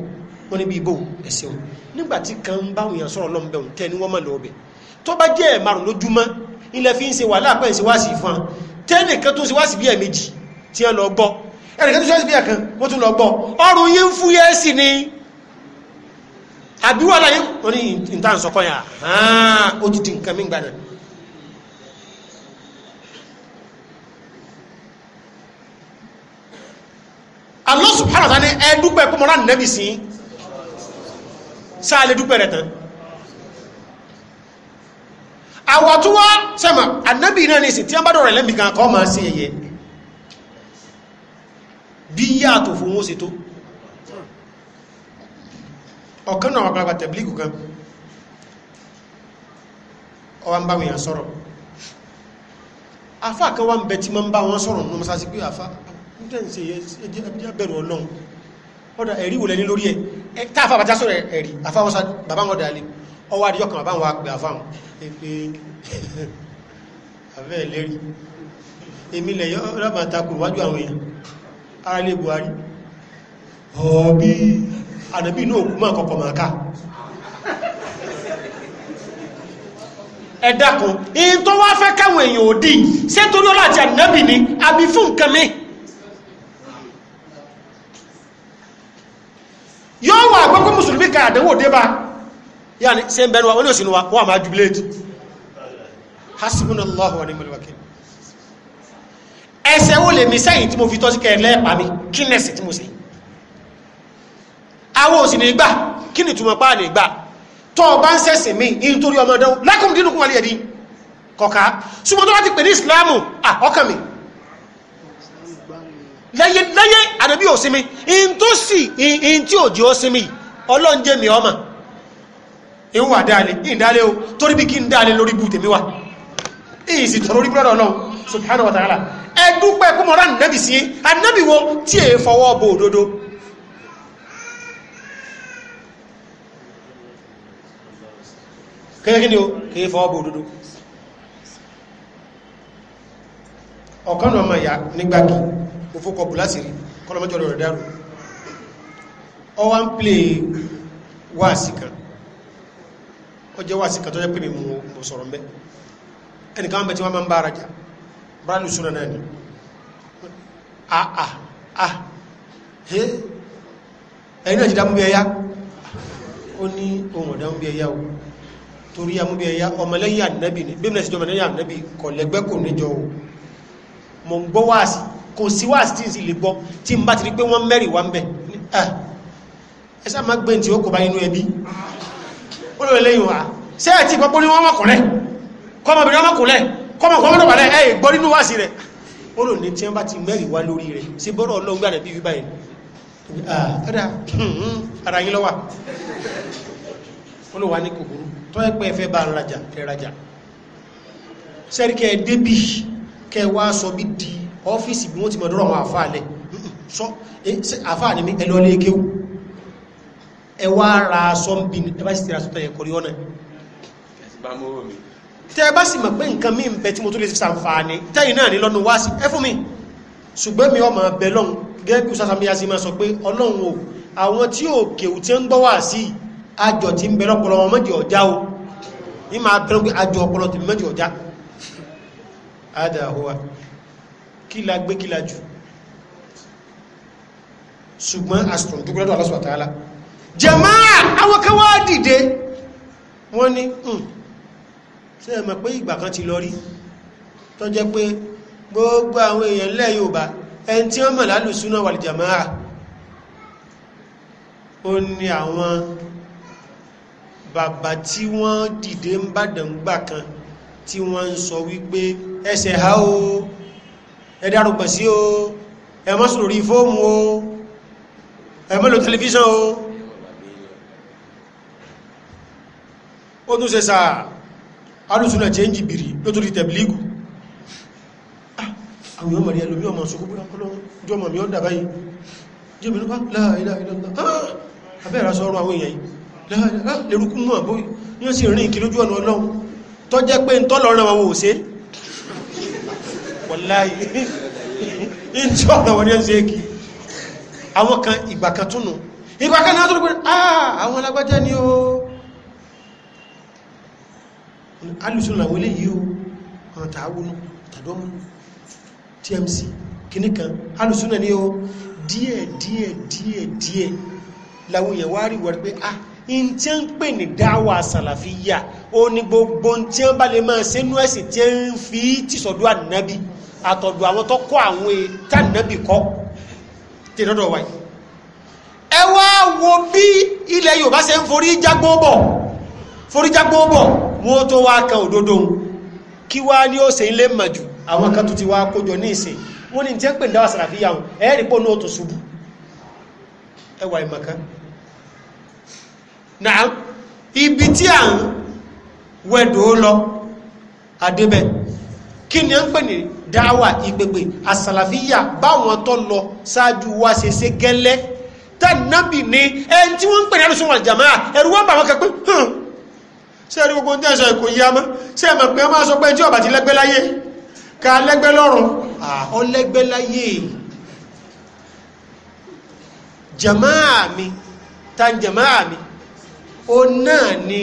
B: wọ́n níbi ìbò ẹ̀sẹ̀wò nígbàtí kan ń bá òyìn sọ̀rọ̀ lọ́mbẹ̀hùn tẹ́ ní wọ́n mọ̀ lọ ọbẹ̀ tó bá jẹ́ ẹ̀márùn lójúmọ́ ilẹ̀ fi ń ṣe wàhálà pẹ́ ṣe wáàsì fún un tẹ́nì kan tó ṣe wáàsì bí ẹ̀mejì tí wọ́n lọ gbọ́ ẹnì kan tó ṣe wáàsì bí ẹ̀kan wọ́n tún lọ gbọ́ ọrùn yín ń fúyẹ́ sí ni àbí wàhálà yín ní ìta ń sọkọ́ yà ó ti di nǹkan mí gbà náà Allah subhanahu wa ta'ala ẹdúpẹ́ pé mo rán nẹ́bì sí sáà lè dúpẹ́ rẹ̀ tán àwọ̀túnwá sẹ́mà ànábì náà ní tí a bá dọ̀rọ̀ lẹ́mì kan kọ́ máa sí ẹyẹ bí yàtọ̀ fún wọ́n sí tó ọ̀kan náà àgbàlagbà tẹ̀blígù kan ọwá ń bá wọn yàn sọ̀rọ̀ afá kan wá ń bẹ tí ma ń bá wọn sọ̀rọ̀ ní ọ̀dà ẹ̀rí wò lẹ́ni lórí ẹ̀ tá àfà bàtà sọ̀rọ̀ ẹ̀rí àfáwọ́sá bàbá wọn dàlẹ́ ọwọ́ àdíyọ́ kan bàbá wọn àgbà àfáwọn èpè àfẹ́ *laughs* ẹ̀lẹ́rí èmi lẹ̀yọ́ rábà takò wájú àwọn èèyàn ara lè Buhari ọ̀ọ́bí àdàbí inú òkú máa kọkọ̀ máa ká ẹ̀dàkùn èyí tó wá fẹ́ káwọn èèyàn ò dì sétorí ọlá àti ànábì ni àbí fún nǹkan mìíràn yóò wà gbọ́ pé mùsùlùmí ka àdánwò dé bá yà ní ṣe ń bẹnu wa wọ́n ní òsìnú wa wọ́n àmà jubileeti hasbunallahu wa ni'mal wakil ẹsẹ̀ wo lè mi sẹ́yìn tí mo fi tọ́sí kẹrẹ lẹ́ẹ̀pà mi kí nẹ́sì tí mo sì àwọn òsì ní gbà kí ni túnmọ̀ páà ní gbà tọ́ ọ bá ń sẹ́sìn mi nítorí ọmọ ọdún lakum dinukum waliya din kọ̀ọ̀ká súnmọ́ tó bá ti pè ní ìsìláàmù ọkàn lẹ́yẹ àdàbí òsinmi in tó sì in tí ò jí òsinmi ọlọ́njẹ́ mi ọmọ in wà dáalé in dáalé o torí bí kí n lórí bú tèmi wà in sì tọrọ orí náà subhanahu wa ta'ala ẹdúpẹ́ kú nẹ́bì sí anẹ́bì wo tí è fọwọ́ ododo òdodo kọlọmọjọ́rọ̀ rẹ̀ dárò ọ wá ń plé wáàsì kan ó jẹ́ wáàsì kan tó jẹ́ pé mi mo sọ̀rọ̀ mẹ́ ẹnìkan wọn bẹ tí wọ́n máa ń bára jà bára lù súnà náà ni àà ẹ̀yìn náà ti dá bí ẹyá ó ní ohun ọ̀dá bí ẹyá o torí amúbí ẹyá ọmọlẹ́yìn ànábì ni bí mi náà sì jọ ọmọlẹ́yìn ànábì kọ̀lẹ́gbẹ́kùn níjọ o mo ń gbọ́ wáàsì kò sí wá sí sí lè gbọ́ tí n bá ti rí pé wọ́n mẹ́rin wá ń bẹ̀ ah, ẹ sá máa gbé tí ó kò bá inú ẹbí ó lè lẹ́yìn wá ṣé ẹ̀ tí ìpapọ̀ ní wọ́n mọ̀kùnlẹ̀ kọ́mọbìnrin ọmọkùnlẹ̀ kọ́mọkùnlẹ̀ ẹ̀ gbọ́ nínú wá sí rẹ̀ ó lò ní tí wọ́n bá ti mẹ́rin wá lórí rẹ̀ sí bọ́rọ̀ ọlọ́gbà rẹ̀ bí báyìí ọ̀dà ah, hmm, ara yín lọ́wà ó lò wá ní kòkòrò tó ẹ pé ẹ fẹ́ bá sọ bí di ọ́fíìsì bí wọ́n ti mọ̀dọ́rọ̀ àwọn àfáà lẹ̀ eh, àfáà ní ẹlọ lé kéwú ẹwà ara sọ́mbìn ẹbá sì ti rásọ́tọ̀ ẹ̀kọ́ rí ọ̀nà tẹ́ bá sì mọ̀ pé nǹkan mí ń bẹ tí mo tó lè sàǹfààní tẹ́yìn náà ní lọ́nu wá sí ẹ fún mi ṣùgbọ́n mi ọmọ bẹ lọ́n gẹ́gẹ́ kíla gbé kíla jù ṣùgbọ́n asùn tó gbọ́dọ̀ alásùwà tààlà jàmáà àwọn kan wá dìde wọ́n ní hmm, ṣe ẹ̀mọ̀ pé ìgbà kan ti lọ rí tó jẹ́ pé gbogbo àwọn èèyàn ilẹ̀ Yorùbá ẹni tí wọ́n mọ̀ lálùsúná wà jàmáà ó ní àwọn bàbá tí wọ́n dìde ń bàdàn gbà kan tí wọ́n ń sọ wípé ẹsẹ̀ ha o ẹ̀dẹ́ arùgbà sí o ẹ̀mọ́ sùn lórí fóòmù o ẹ̀mọ́ lò tẹlifíṣàn o ó tún ṣe sáà alùsùn àti ẹ̀yìn jìbìrì ló tún rí tẹ̀blígù ah, àwọn yóò mọ̀ rí ẹlòmí ọmọ ṣogún búrá kọ́lọ́jọ́ mọ̀ mí ó dàbá yìí jẹ́ mi ló bá láàrín abẹ́ẹ̀rẹ́ sọ́rọ̀ àwọn èèyàn yìí lérúkú mọ̀ bóyí yóò sì rìn kí lójú ọ̀nà ọlọ́run tó jẹ́ pé ń tọ́lọ́rán àwọn òṣèlú wọláyé ìjọ ọ̀rọ̀ wọ́n ní ẹ̀sẹ̀ èkì àwọn kan ìgbà kan tún nù ìgbà kan náà tó rí pé ah, àwọn alágbájá ni ó alùsùn làwọn eléyìí ó ọ̀nà tààwọnú tàdọ́mù tmc kìnnìkan alùsùn náà ni ó díẹ̀ díẹ̀ díẹ̀ díẹ̀ làwọn èèyàn wá wọ́n pé ah in tí ń pè ní dáwà sàlàfíyà ó ní gbogbo tí wọ́n bá lè máa ṣe ẹ̀sìn tí ń fi tìsọ̀dọ̀ ànábì àtọ̀dọ̀ àwọn tó kọ́ àwọn e tánàbì kọ́ tí lọ́dọ̀ wáyé ẹ wá wo bí ilẹ̀ Yorùbá ṣe ń forí jágbó bọ̀ forí jágbó bọ̀ wọ́n tó wá kan òdodo kí wá ní ó ṣe ilé màjù àwọn kan tó ti wá kójọ ní ìsìn wọ́n ní jẹ́ pé ń dáwà sàràfíyà wọn ẹ̀ẹ́rì pọ̀ náà tó ṣubú ẹwà ìmọ̀kan náà ibi tí à ń wẹ̀dọ̀ lọ adébẹ̀ kí ni a ń pè ní dáwà ìpèpè àsàlàfíyà báwọn tó lọ ṣáájú wa ṣe ṣe gẹ́lẹ́ tẹ́nàbì ni ẹni tí wọ́n ń pè ní alùsùn àjàmáà ẹ̀rù wọ́n bà wọ́n kẹ́ pé hàn ṣé ẹni gbogbo ní ẹ̀sọ́ ẹ̀kọ́ yíyá mọ́ ṣé ẹ̀mọ̀ pé wọ́n máa sọ pé tí ọ̀bà ti lẹ́gbẹ́ láyé ká lẹ́gbẹ́ lọ́rùn ọlẹ́gbẹ́ láyé jàmáà mi ta jàmáà mi ó náà ni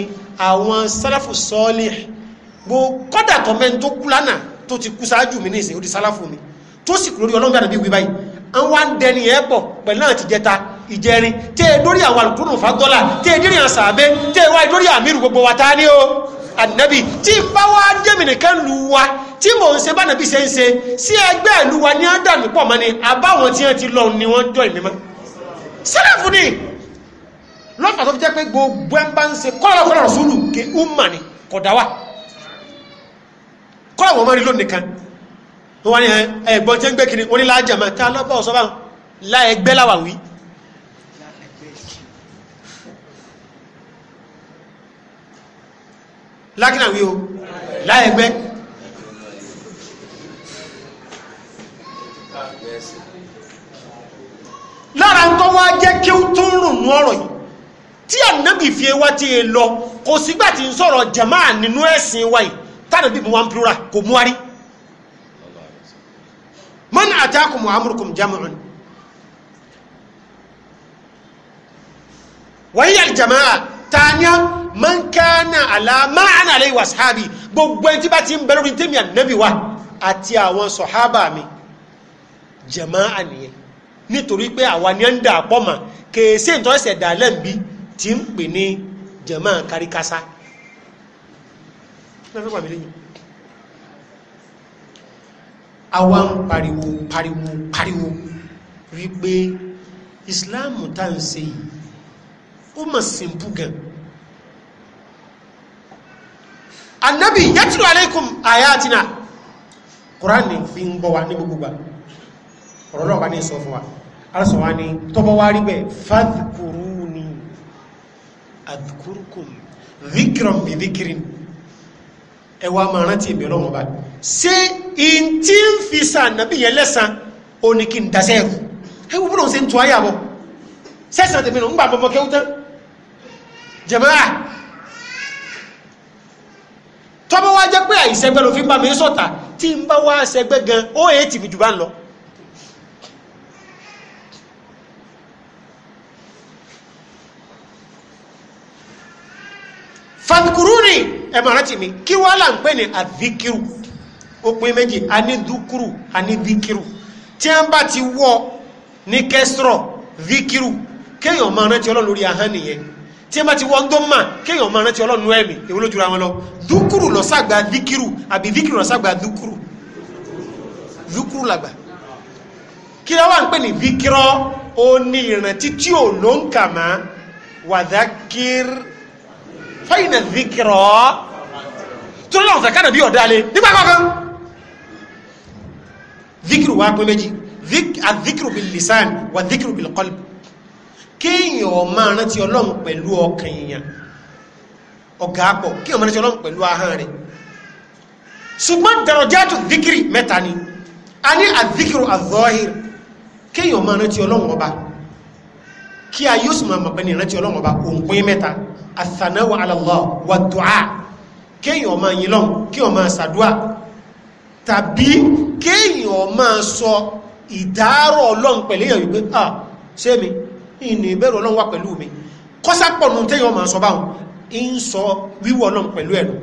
B: àwọn sálàfù sọ́ọ́lì kódà tọ́mẹ́ni tó kú lánàá tó ti kú sáájú mi ní ìsìn ó di sálàfù mi tó sì kú lórí ọlọ́run bí àdàbí wí báyìí àwọn wá ń dẹni ẹ̀ pọ̀ pẹ̀lú náà ti jẹta ìjẹrin tẹ́ ẹ lórí àwọn alùpùpù fàgọ́là tẹ́ ẹ dérí àwọn sàbẹ́ tẹ́ ẹ wá lórí àmírù gbogbo wa ta o ànábì tí n bá wá jẹ́mi nìkan lu wa tí mò ń ṣe bá nàbí ṣe ń ṣe sí ẹgbẹ́ ìlú wa ní àdàmì pọ̀ mọ́ ni àbáwọn tí wọ́n ti lọ ni wọ́n jọ ìmímọ́ sẹ́lẹ̀fù ni lọ́pàá tó fi jẹ́ pé gbogbo ẹ̀ ń bá ń ṣe kọ́lọ́kọ́lọ́ rọ̀ sólù kí ó mà ní kọ̀dá wa kọ́lá wọn mọ́rí lónìí kan wọ́n ní ẹ̀gbọ́n tí ń gbé kiri orí lájàmọ́ tá a lọ́bọ̀ ọ̀sọ́ bá láẹgbẹ́ láwà wí lákínà wí o láẹgbẹ́ lára ń tọ́ wá jẹ́ kí ó tún rùn ní ọ̀rọ̀ yìí tí ànábì fi wá ti e lọ kò sígbà tí ń sọ̀rọ̀ jàmáà nínú ẹ̀sìn wa yìí tánà bí wọn plural kò mú wárí mọ́nà àtàkùn muhammadu jama'un wáyé aljama'a tanya man kánà aláma àná àlẹ́ ìwà sáàbì gbogbo ẹni tí bá ti ń bẹ̀rẹ̀ orí wa àti àwọn sọ̀hábà mi jama'a nìyẹn nítorí pé àwa ni ó ń dà pọ̀ mà kèsè ìtọ́sẹ̀ se lẹ́m̀bí ti ń pè ní jama'a káríkásá lọ́fẹ́ pàmílì yìí àwa ń pariwo pariwo pariwo rí pé ìsìláàmù tá ń ṣe yìí ó mọ̀ símpú gan annabi yatlu alaykum ayatina kùránì fi ń bọ́ wa ní gbogbo gbà ọ̀rọ̀lọ́wà ní ìsọ fún wa arásọ̀wà ní tọ́bọ̀ wá rí bẹ̀ fàdùkúrú ni àdùkúrúkùn dhikran bi dhikrin ẹwà máa rántí ìbẹ̀rẹ̀ ọlọ́run ọba ṣé in tí ń fi sànàbí yẹn lẹ́sàn ó ní kí n dasẹ́ ẹ̀rù ẹwù búrò ń ṣe ń tu ayé àbọ̀ sẹ́sàn tèmi nù ń gbà mọ́mọ́ kẹ́wù tán jẹ̀mọ́ra tọ́bọ̀ wá jẹ́ pé àìsẹ́gbẹ́ ló fi ń bá mi sọ̀tà tí ń bá wá sẹ́gbẹ́ gan ó èé tì fi jù bá ń lọ fàkùrú ni ẹ máa rántí mi kí wàá là ń pè ní àdíkìrù ó pín méjì anídùkúrù anídìkìrù tí wọ́n bá ti wọ́ ní kẹsìrọ̀ díkìrù kéèyàn máa rántí ọlọ́run lórí ahọ́n nìyẹn tí wọ́n bá ti wọ́n tó mà kéèyàn máa rántí ọlọ́run ẹ̀mí èwo ló jura wọn lọ dúkúrù lọ́sàgbà díkìrù àbí díkìrù lọ́sàgbà dúkúrù dúkúrù làgbà kí ló wà ń pè ní díkìrọ̀ ó ìrántí tí ò ló ń kà má wàdákìrì fáyínà zikirọ́ tó lọ́wọ́ fẹ́ kánà bí ọ̀dá lé nígbà kọ́kọ́ zikiru wa pé méjì zikiru bil lisan wa zikiru bil qalb kéèyàn ọmọ rántí ọlọ́run pẹ̀lú ọkàn èèyàn ọ̀gá pọ̀ kéèyàn ọmọ rántí ọlọ́run pẹ̀lú ahọ́n rẹ̀ ṣùgbọ́n dàrọ̀játù zikiri mẹ́ta ni a ní àzikiru àzọ́hìr kéèyàn ọmọ rántí ọlọ́run ọba kí a yóò sì máa mọ̀ ní rántí ọlọ́run ọba òǹpín mẹ́ta àtànáwà alàlọ́ wà dùá kéèyàn máa yìn lọ́n kéèyàn máa sàdúà tàbí kéèyàn máa sọ ìdárọ̀ ọlọ́run pẹ̀lú èèyàn wípé à ṣé mi ìní ìbẹ̀rù ọlọ́run wà pẹ̀lú mi kọ́sápọ̀nù téèyàn máa sọ báwọn ń sọ wíwọ ọlọ́run pẹ̀lú ẹ̀nu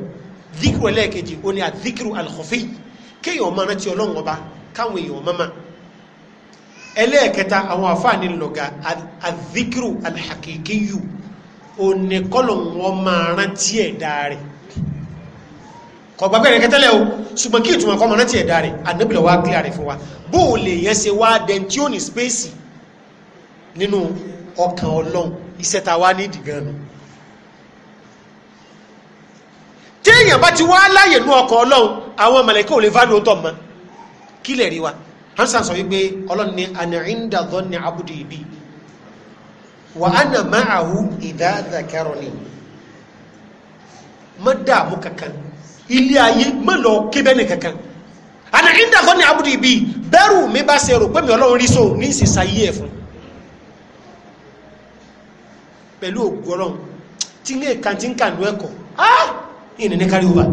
B: díkìrù ẹlẹ́ẹ̀kejì ó ní àdíkìrù alkọ̀fí kéèyàn máa rántí ọlọ́run ọba káwọn ẹlẹ́ẹ̀kẹta àwọn àfáà ní lọ́gà àdíkìrù alhakikiyu òní kọ́lọ̀ wọn máa rántí ẹ̀dá rẹ̀ kọ̀gbà bẹ̀rẹ̀ kẹtẹ́lẹ̀ o ṣùgbọ́n kí ìtumọ̀ kọ́ máa rántí ẹ̀dá rẹ̀ ànábìlọ̀ wá kílà rẹ̀ fún wa bó o lè yẹn ṣe wá dẹn tí ó ní spéèsì nínú ọkàn ọlọ́run iṣẹ́ ta wá ní ìdìgan nu téèyàn bá ti wá láàyè nú ọkàn ọlọ́run àwọn mọ̀lẹ́kẹ́ ò lè fádùn tọ̀ mọ́ kílẹ̀ rí wa hansan sọ wípé ọlọ́run ní àná ìndà dọ́ni abúdé wa ana ma'ahu ìdá zakaroni má dààmú kankan ilé ayé má lọ kébẹ́ ní kankan àná ìdàkọ́ ní abudu ibi bẹ́rù mi bá ṣe rò pé mi ọlọ́run rí so ní ìsìsà yí ẹ̀ fún pẹ̀lú ògùn ọlọ́run tí ní èkán tí ń kà ní ẹ̀kọ́ ah ìní ní kárí wà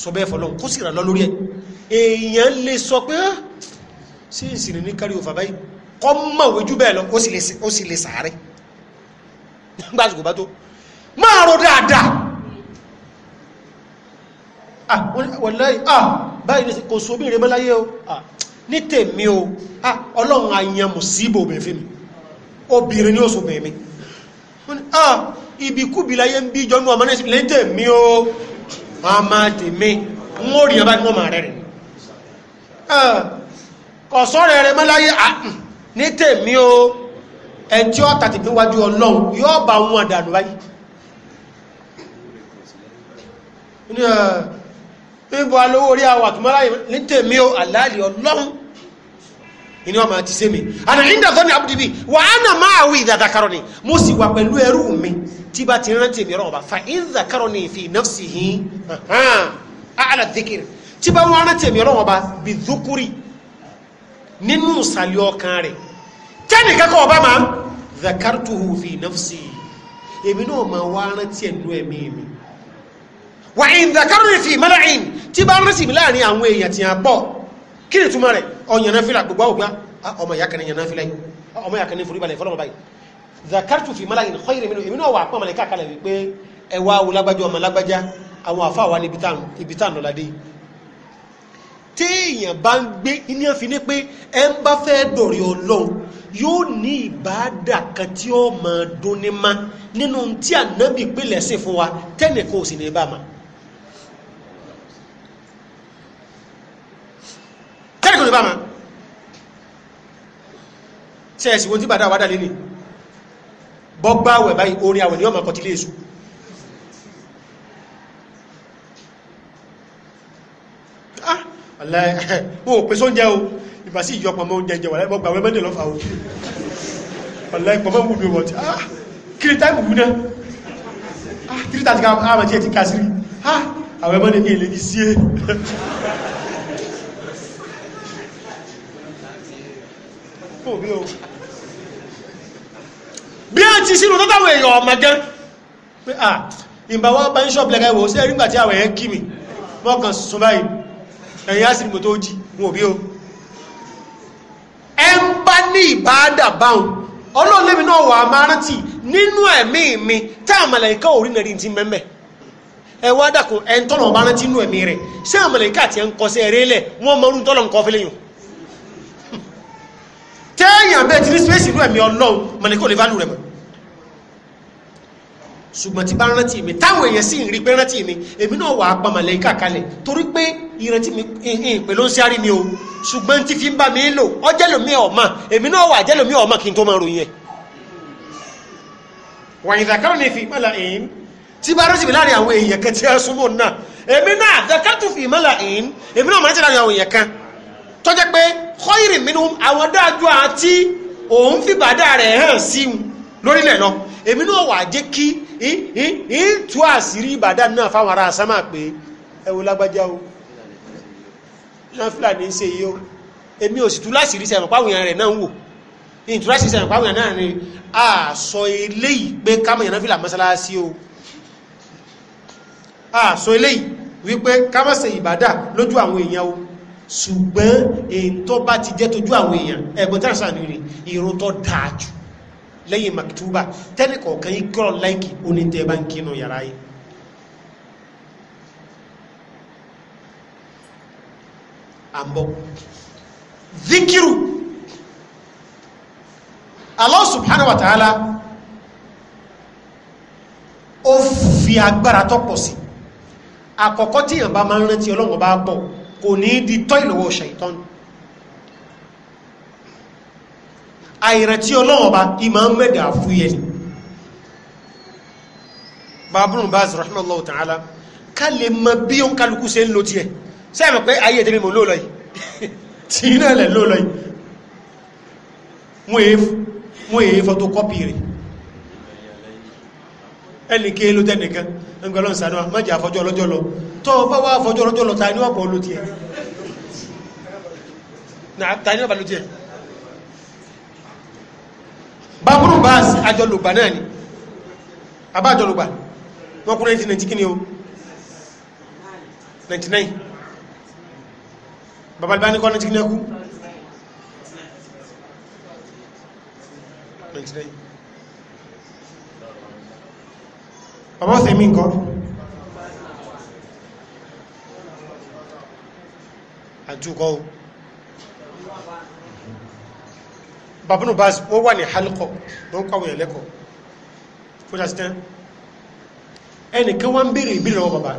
B: sọ bẹ́ẹ̀ fọlọ́n kó sì rà lọ lórí ẹ̀ èèyàn lè sọ pé ṣé ìsìn ní kárí wà báyìí kọ́ mọ̀wé jù bẹ́ẹ̀ lọ ó sì lè sàárè nígbà àsìkò bá tó máa ro dáadáa ah wàláhì ah báyìí ní kò sóbì rẹ mọ́láyé o ah ní tèmi o ah ọlọ́run àyàn mùsíbò obìnrin fún mi obìnrin ní oṣù bẹ̀mí ah ibikúbi láyé ń bí jọ́nú ọmọ náà lẹ́yìn tèmi o ọmọ tèmi wọ́n rí ọba ní wọ́n máa rẹ̀ rẹ̀ ah, kọ̀sọ́rẹ̀ rẹ̀ mọ́láyé ah mm ní tèmi o ẹn tí ó tàti pé wájú ọlọ́run yóò bá wọn àdànù báyìí ní ìbò alówó orí àwọn àtúmọ́lá ní tèmi o àlàálì ọlọ́run ìní ọmọ àti sẹ́mi àná ìdá tó ní abúdíbí wà á nà máa wí ìdàdàkarọ ni mo sì wà pẹ̀lú ẹrú mi tí bá ti rántí èmi ọ̀rọ̀ ọba fa ìdàkarọ ni fi nafsihi àlàdékèrè tí bá wọn rántí èmi ọ̀rọ̀ ọba bí dúkúrì nínú ìsàlẹ̀ ọkàn rẹ̀ tẹ́nì kẹ́kọ̀ọ́ ọba máa dhakartuhu hufi nafsi èmi náà máa wá rántí ẹnu ẹ̀mí mi wà ní dhakarni fi mala'in tí bá rántí mi láàrin àwọn èèyàn tí a bọ̀ kí ni túmọ̀ rẹ̀ ọ̀yàn náà fìlà gbogbo àwọn ah, ọmọ ìyá kan ní yàn náà fìlà yìí ah, ọmọ ìyá kan ní foríbalẹ̀ fọlọ́mọ báyìí dhakartu fi mala'in khayri minhu èmi náà wà pọ̀ mọ̀lẹ́ká kalẹ̀ wípé ẹwà wo lágbájá àwọn àfa wa ní ibi tá à ń lọ́ládé yìí téèyàn bá ń gbé ní àfi ní pé ẹ ń bá fẹ́ dọ̀rí ọlọ́run yóò ní ìbáàdà kan tí ó mọ̀ dún ní ma nínú tí ànábì pìlẹ̀ sí fún wa tẹ́nìkan ò sì ní bá ma. tẹ́nìkan ò ní bá ma ṣe ẹ̀sìn wo tí bàdá wa dà lé ní bọ́gbà àwẹ̀ báyìí orin àwẹ̀ ni wọ́n máa kọ́ tilé èso. *laughs* wọn ò pèsè oúnjẹ o ìbá sí ìjọ pọ̀mọ́ oúnjẹ jẹ wà láì gbọ́gbà wẹ́mẹ́dè lọ́fà o ọ̀lẹ́ pọ̀mọ́ wù mí wọ̀tí ah kiri táìmù wù náà ah kiri tàti ká àmà tí ẹ ti kà ah, sí e. ah *laughs* àwẹ́ mọ́ni ní èlé ní sí ẹ bí a ti sínú tọ́tàwọ̀ èèyàn ọmọ gan pé ah ìbáwọ́ bá ń ṣọ́pù lẹ́gbẹ̀ẹ́ wò sí ẹ̀rí gbà tí àwẹ̀ yẹn kí mi mọ́kàn sùn báyìí ẹ̀yìn àṣírí mo tó jí wọn ò bí o ẹ ń bá ní ìbáàdà báwọn ọlọ́run lèmi náà wà á máa rántí nínú ẹ̀mí mi tá àmàlẹ́kẹ́ orí nàrí ti mẹ́mẹ́ ẹ wá dàkún ẹ ń tọ́nà ọba rántí nínú ẹ̀mí rẹ̀ ṣé àmàlẹ́kẹ́ àti ẹ̀ ń kọ́ sí ẹ̀rẹ́ lẹ̀ wọ́n mọ orúkọ tọ́lọ̀ ń kọ́ fẹ́lẹ́ yùn téèyàn bẹ́ẹ̀ ti ní space ìlú ẹ̀mí ọlọ́run mọ̀lẹ́kẹ́ ò lè válù rẹ̀ mọ́ ṣùgbọ́n tí bá rántí mi táwọn èèyàn sì ń rí pé rántí mi èmi náà wà á pa màlẹ́kà kalẹ̀ torí pé ìrántí mi ìpè ló ń sáré mi o ṣùgbọ́n tí fi ń bá mi lò ọjẹ́ lomi ọ̀ma èmi náà wà jẹ́ lomi ọ̀ma kí n tó máa ròyìn ẹ̀. wàyí ìdàkàrọ̀ ní fi ìmọ̀lá ẹ̀yìn tí bá rántí mi láàrin àwọn èèyàn kan tí a súnmọ́ náà èmi náà àdàkàtù fi ìmọ̀lá ẹ̀yìn èmi náà mọ̀lẹ́tì láàrin àwọn èèyàn kan tọ́jẹ́ pé ìtú àṣírí ìbàdàn náà fáwọn ará sámà pé ẹ wo lágbájá o náà fúlàní ń ṣe yìí o èmi ò sì tú láṣìírí sẹ̀mọ̀ páwọn èèyàn rẹ̀ náà ń wò ìtúrásì sẹ̀mọ̀ páwọn èèyàn náà ni a sọ eléyìí pé kámọ̀ èèyàn náà fìlà mọ́sálásí o a sọ eléyìí wípé kámọ̀ ṣe ìbàdà lójú àwọn èèyàn o ṣùgbọ́n èyí tó bá ti jẹ́ tójú àwọn èèyàn ẹ̀gbọ́n tí a sàn ní ìrún tó dáa jù lẹ́yìn maktuba tẹ́lẹ̀ kọ̀ọ̀kan yìí kọ́ láìkì oníntẹ́ bá ń kínú yàrá yìí àbọ̀ zikiru Allah subhanahu wa ta'ala ó fi agbára tọ́pọ̀ sí àkọ́kọ́ tí yàn bá máa ń rántí ọlọ́run bá pọ̀ kò ní di tọ́ ìlọ́wọ́ ṣàìtọ́nù àìrántí Ọlọ́run ọba ìmọ̀ mẹ́dà fúyẹ́ ni babun baz rahimahullahu ta'ala ká lè mọ se ó ń kálukú ṣe ń lo tiẹ̀ sẹ́yìn pé ayé tẹ́mi mọ̀ ló lọ yìí *laughs* tí iná ẹ̀lẹ̀ ló lọ yìí wọ́n èé fọ́tọ́kọ́pì rẹ̀ ẹnìké ló tẹ́nìkan ẹgbẹ̀lọ́n sàánúwà mọ́jà àfọ́jọ́ ọlọ́jọ́ lọ tọ́ bá wá àfọ́jọ́ ọlọ́jọ́ lọ ta ní ọ̀pọ̀ olótiẹ̀ baburu baasi ajọlùgbà náà ni àbá àjọlùgbà wọ́n kú 1990 kí ni o 99 bàbá Albani kọ́ 19 kí ni ẹkú 99 bàbá ọ̀sẹ̀ mi nǹkan àjúkọ́ o babunu bas wọ́n wà ní halkọ̀ tó ń kọwọ̀ ẹ̀lẹ́kọ̀ fúnjásítẹ́ ẹnìkan wá ń bèèrè ìbílẹ̀ lọ́wọ́ bàbá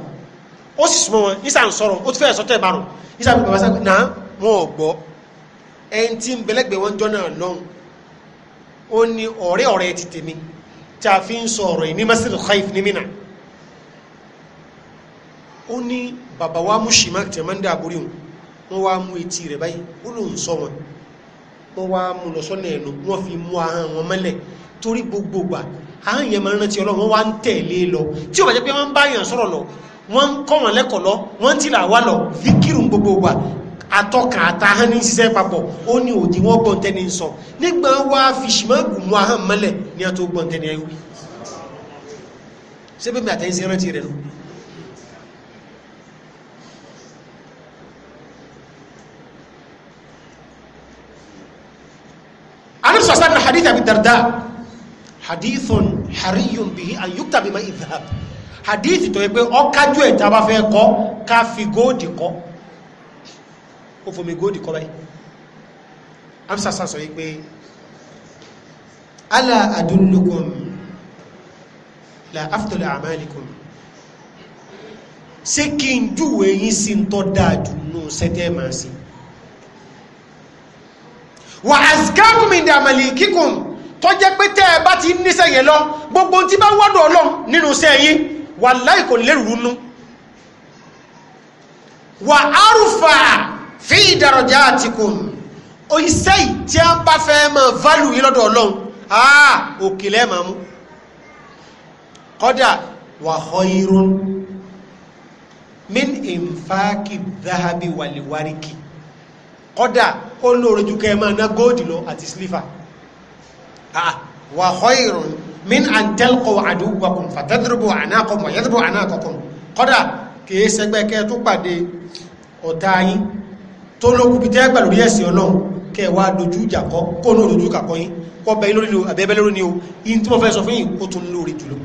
B: ó sì súnmọ́ wọn ìsà ń sọ̀rọ̀ ó ti fẹ́ ẹ̀sọ́tẹ̀ márùn ìsà ń bàbá sáà náà wọn ò gbọ́ ẹni tí ń bẹ̀lẹ́gbẹ̀ wọn jọ náà lọ́hùn ó ti tèmi tí fi ń sọ ọ̀rọ̀ masjid khaif ní mina ó ní wa mú shima tẹ̀mọ́ndà àbúrí wọn wọ́n wá mú etí rẹ̀ báyìí ó wọ́n wá mú lọ sọ́nà ẹ̀lò wọ́n fi mú ahọ́n wọn mọ́lẹ̀ torí gbogbo gbà ahọ́n yẹn máa ń rántí ọlọ́run wọ́n wá ń tẹ̀lé e lọ tí ó bá jẹ́ pé wọ́n ń bá èèyàn sọ̀rọ̀ lọ wọ́n ń kọ́ wọn lẹ́kọ̀ọ́ lọ wọ́n ń tìlà wá lọ fíkìrù gbogbo gbà atọ́ka àtahán ní ṣiṣẹ́ papọ̀ ó ní òdì wọ́n gbọ́n tẹ́ni sọ nígbà wá fi ṣìmọ́gù mú ahọ́n mọ́lẹ̀ ní àtó tẹ́ni ẹ̀wí ṣé bẹ́ẹ̀ mi àtẹ́yìn sí rántí rẹ̀ nù Darda hadithun hariyun bihi an yukta bima idhab hadith tó yẹ pé ọ ba ẹ̀ tá a bá fẹ́ kọ́ ká fi góòdì kọ́ ó fomi góòdì kọ́ báyìí amsasa sọ wípé ala adullukum la afdal a'malikum ṣé kí n júwe yín sí ń tọ́ dáa jù nù sẹ́tẹ́ màá sí wa azkakum min amalikikum tó jẹ́ pé tẹ́ ẹ bá ti níṣẹ́ yẹn lọ gbogbo tí bá wọ́dọ̀ ọlọ́run nínú iṣẹ́ yín wàláhì kò lè rú nú wà árùfà fi ìdàrọ̀jà àtìkùn iṣẹ́ yìí tí a bá fẹ́ mọ̀ válù yìí lọ́dọ̀ ọlọ́run àà òkè lẹ́ẹ̀mọ̀ mú kọ́dà wà khairun min infaki dhahabi wàlíwárìkì kọ́dà ó lóore ju kẹ́ ẹ máa ná góòdì lọ àti sílífà wa khairun min an talqu aduwakum fatadrubu anaqum wa yadrubu anaqakum kọ́dà kìí sẹgbẹ́ kẹ́ tó pàdé ọ̀tá yín tó lókù bí tẹ́gbà lórí ẹ̀sìn ọlọ́run kẹ́ wá dojú ìjà kọ́ kó ní òdojú kàkọ́ yín kọ́ bẹ lórí àbẹ́bẹ́ lórí ni o yín tí mo fẹ́ sọ fún yín ó tún lórí jùlọ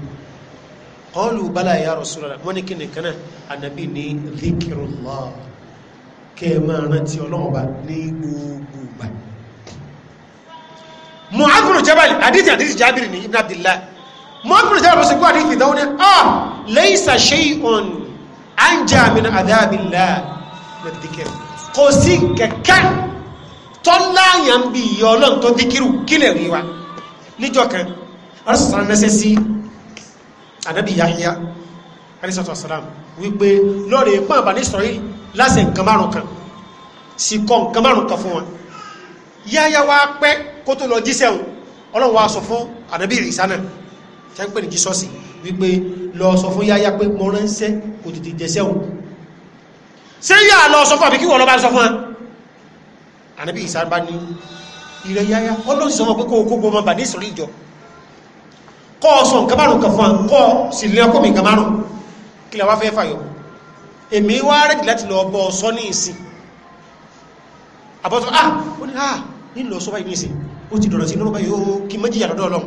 B: qalu bala ya Rasulullah wọ́n ní kí nìkan náà ànàbí ní dhikrullah kẹ́ máa rántí ọlọ́run bá ní gbogbo mu'adhbun jabal hadithi hadithi jabir ni ibn abdullah mu'adhbun jabal musu kwa hadithi dauna ah laysa shay'un anja min adhabillah na dhikr kò sí kẹ̀kẹ́ tọ́lá yàn bí iye ọlọ́run tó díkìrù kílẹ̀ rí wa níjọ́ kan arásùsàn nẹ́sẹ̀ sí ànábì Yahya alayhi salam wípé lọ́rẹ̀ pàbà ní Israel láṣẹ nǹkan márùn kan sí kọ nǹkan márùn kan fún wọn Yahya wá pẹ́ kó tó lọ jíṣẹ́ òun ọlọ́run wa sọ fún ànábì Ìsá náà ṣe ń pè ní jísọ́sì wípé lọ sọ fún yáyá pé mo ránṣẹ́ kò tètè jẹṣẹ́ òun ṣé yà lọ sọ fún àbí kí wọ́n lọ bá sọ fún ẹ ànábì Ìsá bá ní ìrẹ yáyá ọlọ́run sọ pé o kó gbọmọ bà ní ìsọ̀rí ìjọ kọ́ ọ sọ nǹkan márùn kan fún wa kọ́ ọ sì lé ọkọ mi nǹkan márùn kí lè wá fẹ́ fàyọ èmi wá rẹ̀dì láti lọ bọ ọ ní ìsìn àbọ̀tọ̀ ah ní ah nílò báyìí ní ìsìn ó ti dọ̀rọ̀ sí inú báyìí ó kí méjìyà lọ́dọ̀ ọlọ́run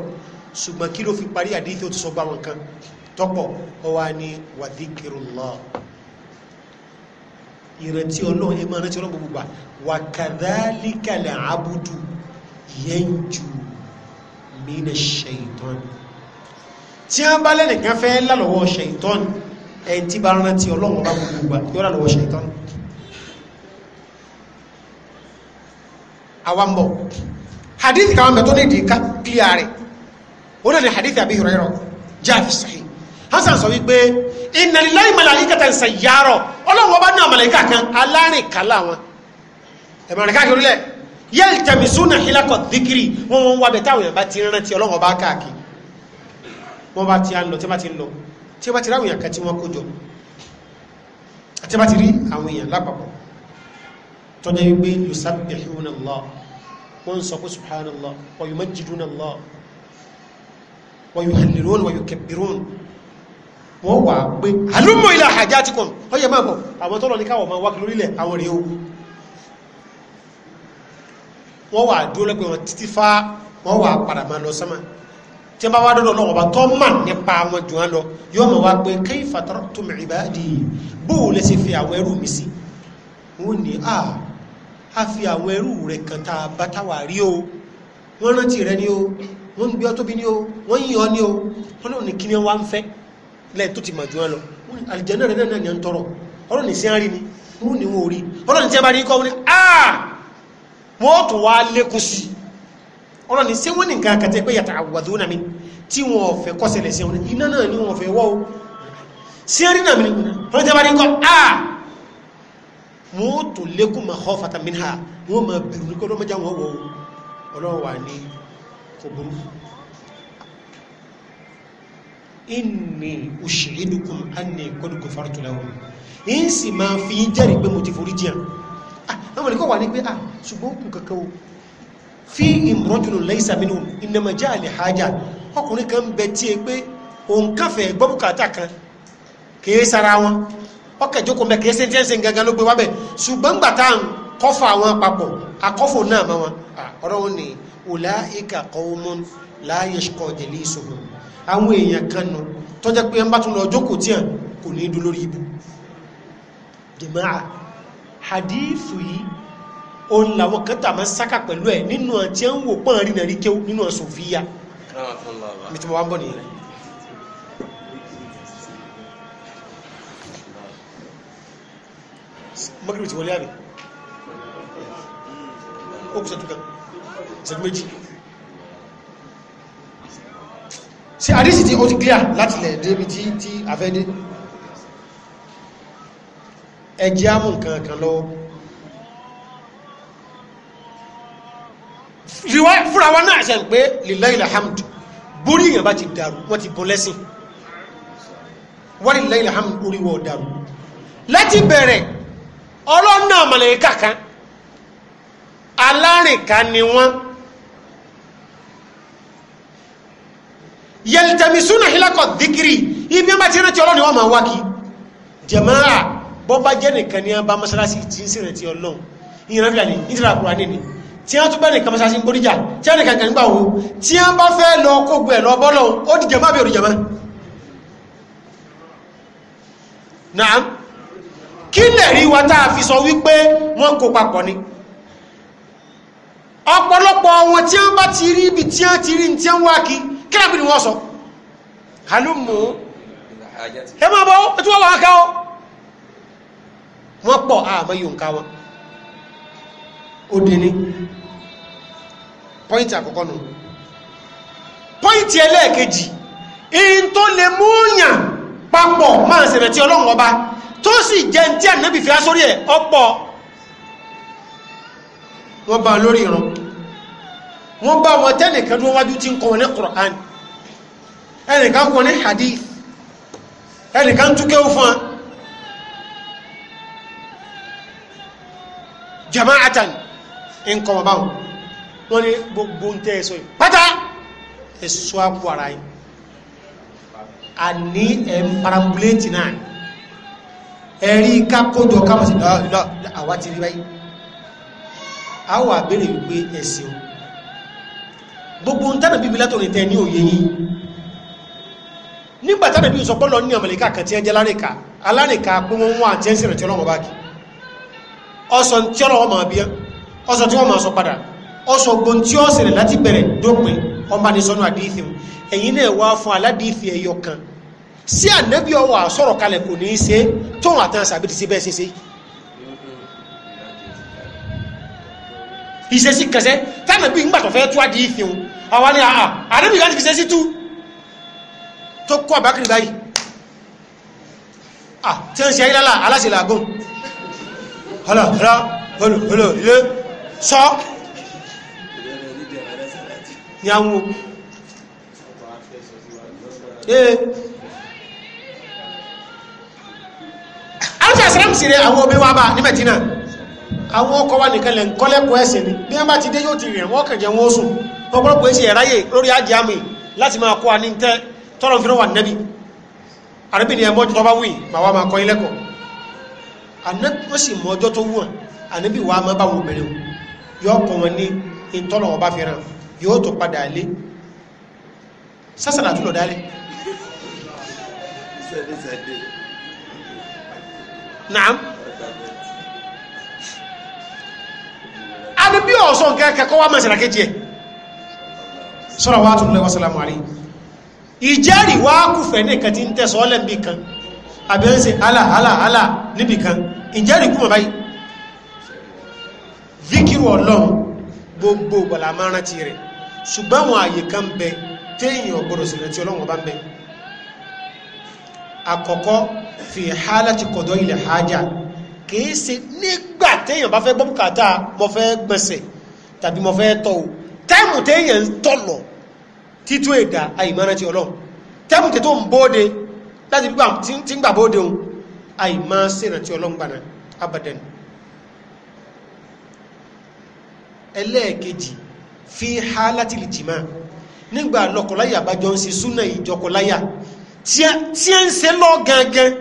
B: ṣùgbọ́n kí ló fi parí àdéhìí ó ti sọ gbà wọn kan tọ́pọ̀ ọ wá ní wàdíkìrùlọ́ ìrántí ọlọ́run ẹ máa rántí ọlọ́run gbogbo gbà wà kàdálíkàlẹ̀ àbùdù yẹn jù mí ní ṣèyítọ́ni tí wọ́n bá lẹ́nìkan fẹ́ lálọ́wọ́ ṣèyítọ́ni ẹ ti bá rántí ọlọ́run bá gbogbo gbà yọ́ lálọ́wọ́ ṣèyítọ́ni àwa ń bọ̀ hadith kan bẹ tó ní ìdíkà kílíà rẹ̀ ó náà ni hadith Abi Hurairah jáfi sahih Hasan sọ wípé inna lillahi malaikatan sayyara ọlọ́run ọba náà màláìkà kan alárìn kálá wọn ẹ̀mọ̀rìn káàkiri lẹ̀ yaltamisuna hilaqat dhikri wọn wọn wà bẹ̀ táwọn èèyàn bá ti rántí ọlọ́run ọba káàkiri wọn bá ti lọ tí wọn ti lọ tí wọn ti rí èèyàn kan tí wọn kó àti wọn ti rí àwọn èèyàn lápapọ̀ tọ́jú wípé yusabbihuna Allah wọ́n ń sọ pé subhanallah wa yumajjiduna Allah wa yuhallilun wa yukabbirun wọ́n wà pé alúmọ̀ ila hajatikum ọyẹ máa bọ̀ àwọn tọ́lọ ní káwọ̀ máa wákì lórílẹ̀ àwọn rèé ogun wọ́n wà dúró lẹ́gbẹ̀ẹ́ wọn a fi àwọn ẹrú rẹ̀ kan ta bátàwà rí o
A: wọ́n rántí rẹ ní o
B: wọ́n ń gbé ọ tóbi ni o wọ́n yìn ọ ní o ọlọ́run ní kíni wá ń fẹ́ lẹ́yìn tó ti mọ̀ jù wọn lọ àlìjẹ́nà rẹ̀ náà ní à ń tọrọ ọlọ́run ní sí ni wọ́n ní wọn ò rí ọlọ́run tí a kọ́ wọn ni aaa wọ́n tó wá lékún sí ọlọ́run ní sí ní nǹkan kàtẹ́ pé yàtà àwùwàdó mi tí wọn ò fẹ́ kọ́ ni wọn ò fẹ́ wọ́ o mi ọlọ́run tí a bá rí kọ́ wọn ó tún lékún ma kọ́ fata minha wọn ma bẹ̀rù ní kọ́dọ̀ mẹ́jà wọn wọ̀ ọlọ́wọ́ wà ní kò burú inni ushidukum anni qad ghafartu lahum ń sì máa fi yín jẹ́rìí pé mo ti forí jìyàn ah, àwọn olùkọ́ ní pé à ah, ṣùgbọ́n fi imrojulu laysa minhum innama jaa li haja ọkùnrin kan bẹ tí e pé òun káfẹ́ gbọ́bùkátà ọkẹ̀ jókòó mẹ́ kìí ṣe tí ẹ̀ ṣe gangan ló gbé wá bẹ̀ ṣùgbọ́n gbà tá à ń kọ́fà àwọn papọ̀ akọ́fò náà mọ́ wọn ọ̀rọ̀ wọn ni ulaika qawmun la yashqa jalisuhum àwọn èèyàn kan nù tọ́jẹ́ pé ẹ bá tún lọ jókòó tí ẹ̀ kò ní dún lórí ibù jẹ̀máà hadithu yìí òun làwọn kan tà máa ń sáka pẹ̀lú ẹ̀ nínú ọ̀ tí ń wò pọ́n rí nàrí kéw nínú ọ̀ sòfíà mi tí mo wá ń bọ̀ nìyẹn mọ́gírì ti wọlé àmì ó kù sẹ́jú kan sẹ́jú méjì sí àdísì tí ó ti clear láti lẹ̀ débi tí tí àfẹ́dé ẹjẹ́ ámù nǹkan kan lọ́wọ́ fúra wa náà ṣe ń pé lillahi alhamdu borí èèyàn bá ti dàrú wọ́n ti bọ́ lẹ́sìn wọ́n lillahi alhamdu orí wọ́n dàrú láti bẹ̀rẹ̀ ọlọ́run náà mọ̀lẹ́kà kan alárìnká ni wọ́n yẹlitamisuna hilakọ dikiri ibi bá ti rántí ọlọ́run ni wọ́n máa wá kí jẹ̀máà bọ́bá jẹ́ nìkan ní abá mọ́sálásí tí ń sèrè tí ọlọ́run ìyẹn náà ní ìtura kura nínú tí wọ́n tún bẹ́ẹ̀ nìkan mọ́sálásí ń gbóríjà tí wọ́n nìkan nígbà wo tí wọ́n kí lẹ̀rí wa tá fi sọ wípé wọ́n kó papọ ni ọ̀pọ̀lọpọ̀ wọn tí wọ́n bá ti rí ibi tí wọ́n ti rí ní tí wọ́n wá kí kíláàbì ni wọ́n sọ halummu ẹ máa bọ́ ẹ tún wọ́n wá ká ọ́ wọ́n pọ̀ àmọ́ yóò ká wọn ó dé ní pọ́ìntì àkọ́kọ́ nù pọ́ìntì ẹlẹ́ẹ̀kejì èyí tó lè múyàn papọ̀ máa tí ọlọ́run ọba tó sì jẹ́ tí ànábì fi asórí ẹ̀ ọ̀pọ̀ wọ́n bá lórí ìran wọ́n bá wọn tẹ́nìkan dúró wájú tí ń kọ́ wọn ní Qur'an ẹnìkan kọ́ ní hadith ẹnìkan ń túkẹ́ fún wa jama'atan ń kọ́ wọn báwọn wọ́n ní gbogbo ń tẹ́ ẹ̀sọ́ yìí pátá ẹ̀sọ́ àpò ara yìí ẹ̀rí kákójọ kámọ̀ sí àwa ti rí báyìí a wà bèèrè wípé ẹ̀sìn gbogbo ń tánà bíbí látòrì tẹ ní òye yìí nígbà tánà bí sọ pọ́lọ ní ọmọlẹ́ká kan tí ẹ jẹ́ lárìká alárìká pé wọ́n wọ́n àti ẹ̀sìn rẹ̀ tí ọlọ́wọ́ bá kí ọsọ tí ọlọ́wọ́ máa bí ọsọ tí wọ́n máa sọ padà ọsọ gbọ́n tí ó ṣẹlẹ̀ láti bẹ̀rẹ̀ dópin sí ànábì ọwọ́ àsọ̀rọ̀ kalẹ̀ kò ní í ṣe tóun àtàn sàbí ti ṣe bẹ́ẹ̀ ṣe ṣe. ìṣesí kẹsẹ́ táwọn ẹbí ńgbà tó fẹ́ tó àdí ìfihàn àwa ni àà ànábì láti fi ṣe sí tú tó kọ́ àbákiri báyìí à tí ń ṣe ayé lálà aláṣẹ làágùn ọlọ ọlọ ọlọ ọlọ ilé sọ sàrẹ́mù sí rẹ àwọn obìnrin wa bá ní mẹ̀dínà àwọn ọkọ̀ wa nìkan lẹ̀ ń kọ́lẹ́kọ̀ọ́ ẹ̀sẹ̀ ni bí wọ́n bá ti dé yóò ti rìn wọ́n kàn jẹ́ wọn ó sùn ọ̀pọ̀lọpọ̀ èsì ẹ̀ráyè lórí ajé àmì láti máa kọ́ àní tẹ́ tọ́lọ̀ fi wà nẹ́bí arábìnrin ẹ̀mọ́ tó bá wù yìí màá wá máa kọ́ ilẹ́kọ̀ọ́ ànábì o mọ ọjọ́ tó wù hàn ànábì wa máa bá wo obìnrin o yóò kọ́ wọn ní ìtọ́lọ̀ ọba fi ràn yóò tó padà lé sásàlà tó lọ dálé. sẹ́dẹ̀sẹ̀dẹ̀ naam anabi ọ̀sọ̀ nǹkan kẹ́kọ́ wá mẹ́sìnà kejì ẹ̀ sọ́rọ̀ wá tún lẹ́wọ́ sálàmù àrí ìjẹ́rì wá kùfẹ́ ní kan tí ń tẹ́sọ́ lẹ́bí kan àbí ń ṣe alá alá alá níbì kan ìjẹ́rì kú mọ̀ báyìí vikiru ṣùgbọ́n àwọn àyè kan bẹ téèyàn gbọdọ̀ sí rántí ọlọ́run ọba ń bẹ́ẹ̀ àkọ́kọ́ fi hálàtì kọ̀dọ̀ ilẹ̀ hajjá kìí ṣe nígbà téèyàn bá fẹ́ gbọ́bùkátà mo fẹ́ gbẹ̀sẹ̀ tàbí mo fẹ́ tọ̀ o tẹ́mù téèyàn ń tọ̀nà títú èdà àìmọ́ra ti ọlọ́run tẹ́mù tẹ́ tó ń bóde láti gbà tí ń gbà bóde òun àìmọ́ sèrè ti ọlọ́run gbàna abadan ẹlẹ́ẹ̀kejì fi hálàtì lìjìmá nígbà lọ́kọ̀láyà bá jọ ń ṣe súnà ìjọkọ̀láyà tí ẹ ń ṣe lọ gangan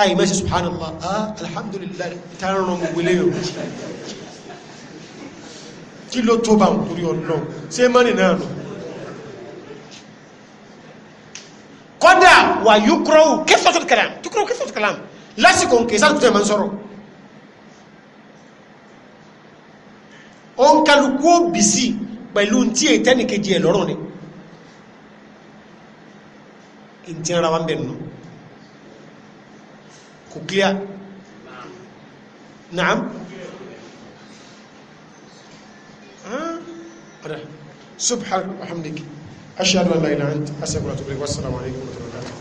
B: ayi mẹ́sí subhanallah ah alhamdulillah tààrùn gbogbo ilé yóò kí ló tó bá ń torí ọ̀nà ṣe mọ́nì náà nù kọ́dà wà yúkúrọ̀wù kẹfẹ́tọ̀tọ̀ kalam yúkúrọ̀wù kẹfẹ́tọ̀tọ̀ kalam lásìkò ń kẹsàn tó ẹ̀mọ́ sọ́rọ̀ o ń kálukú òbí sí pẹ̀lú tí ètẹ́nìkejì ẹ̀ lọ́rùn ni ìtìnra wa ń bẹ̀ nù kò clear naam ah. subhanahu wa hamdika ashhadu an la ilaha illa anta astaghfiruka wa atubu ilayk wa assalamu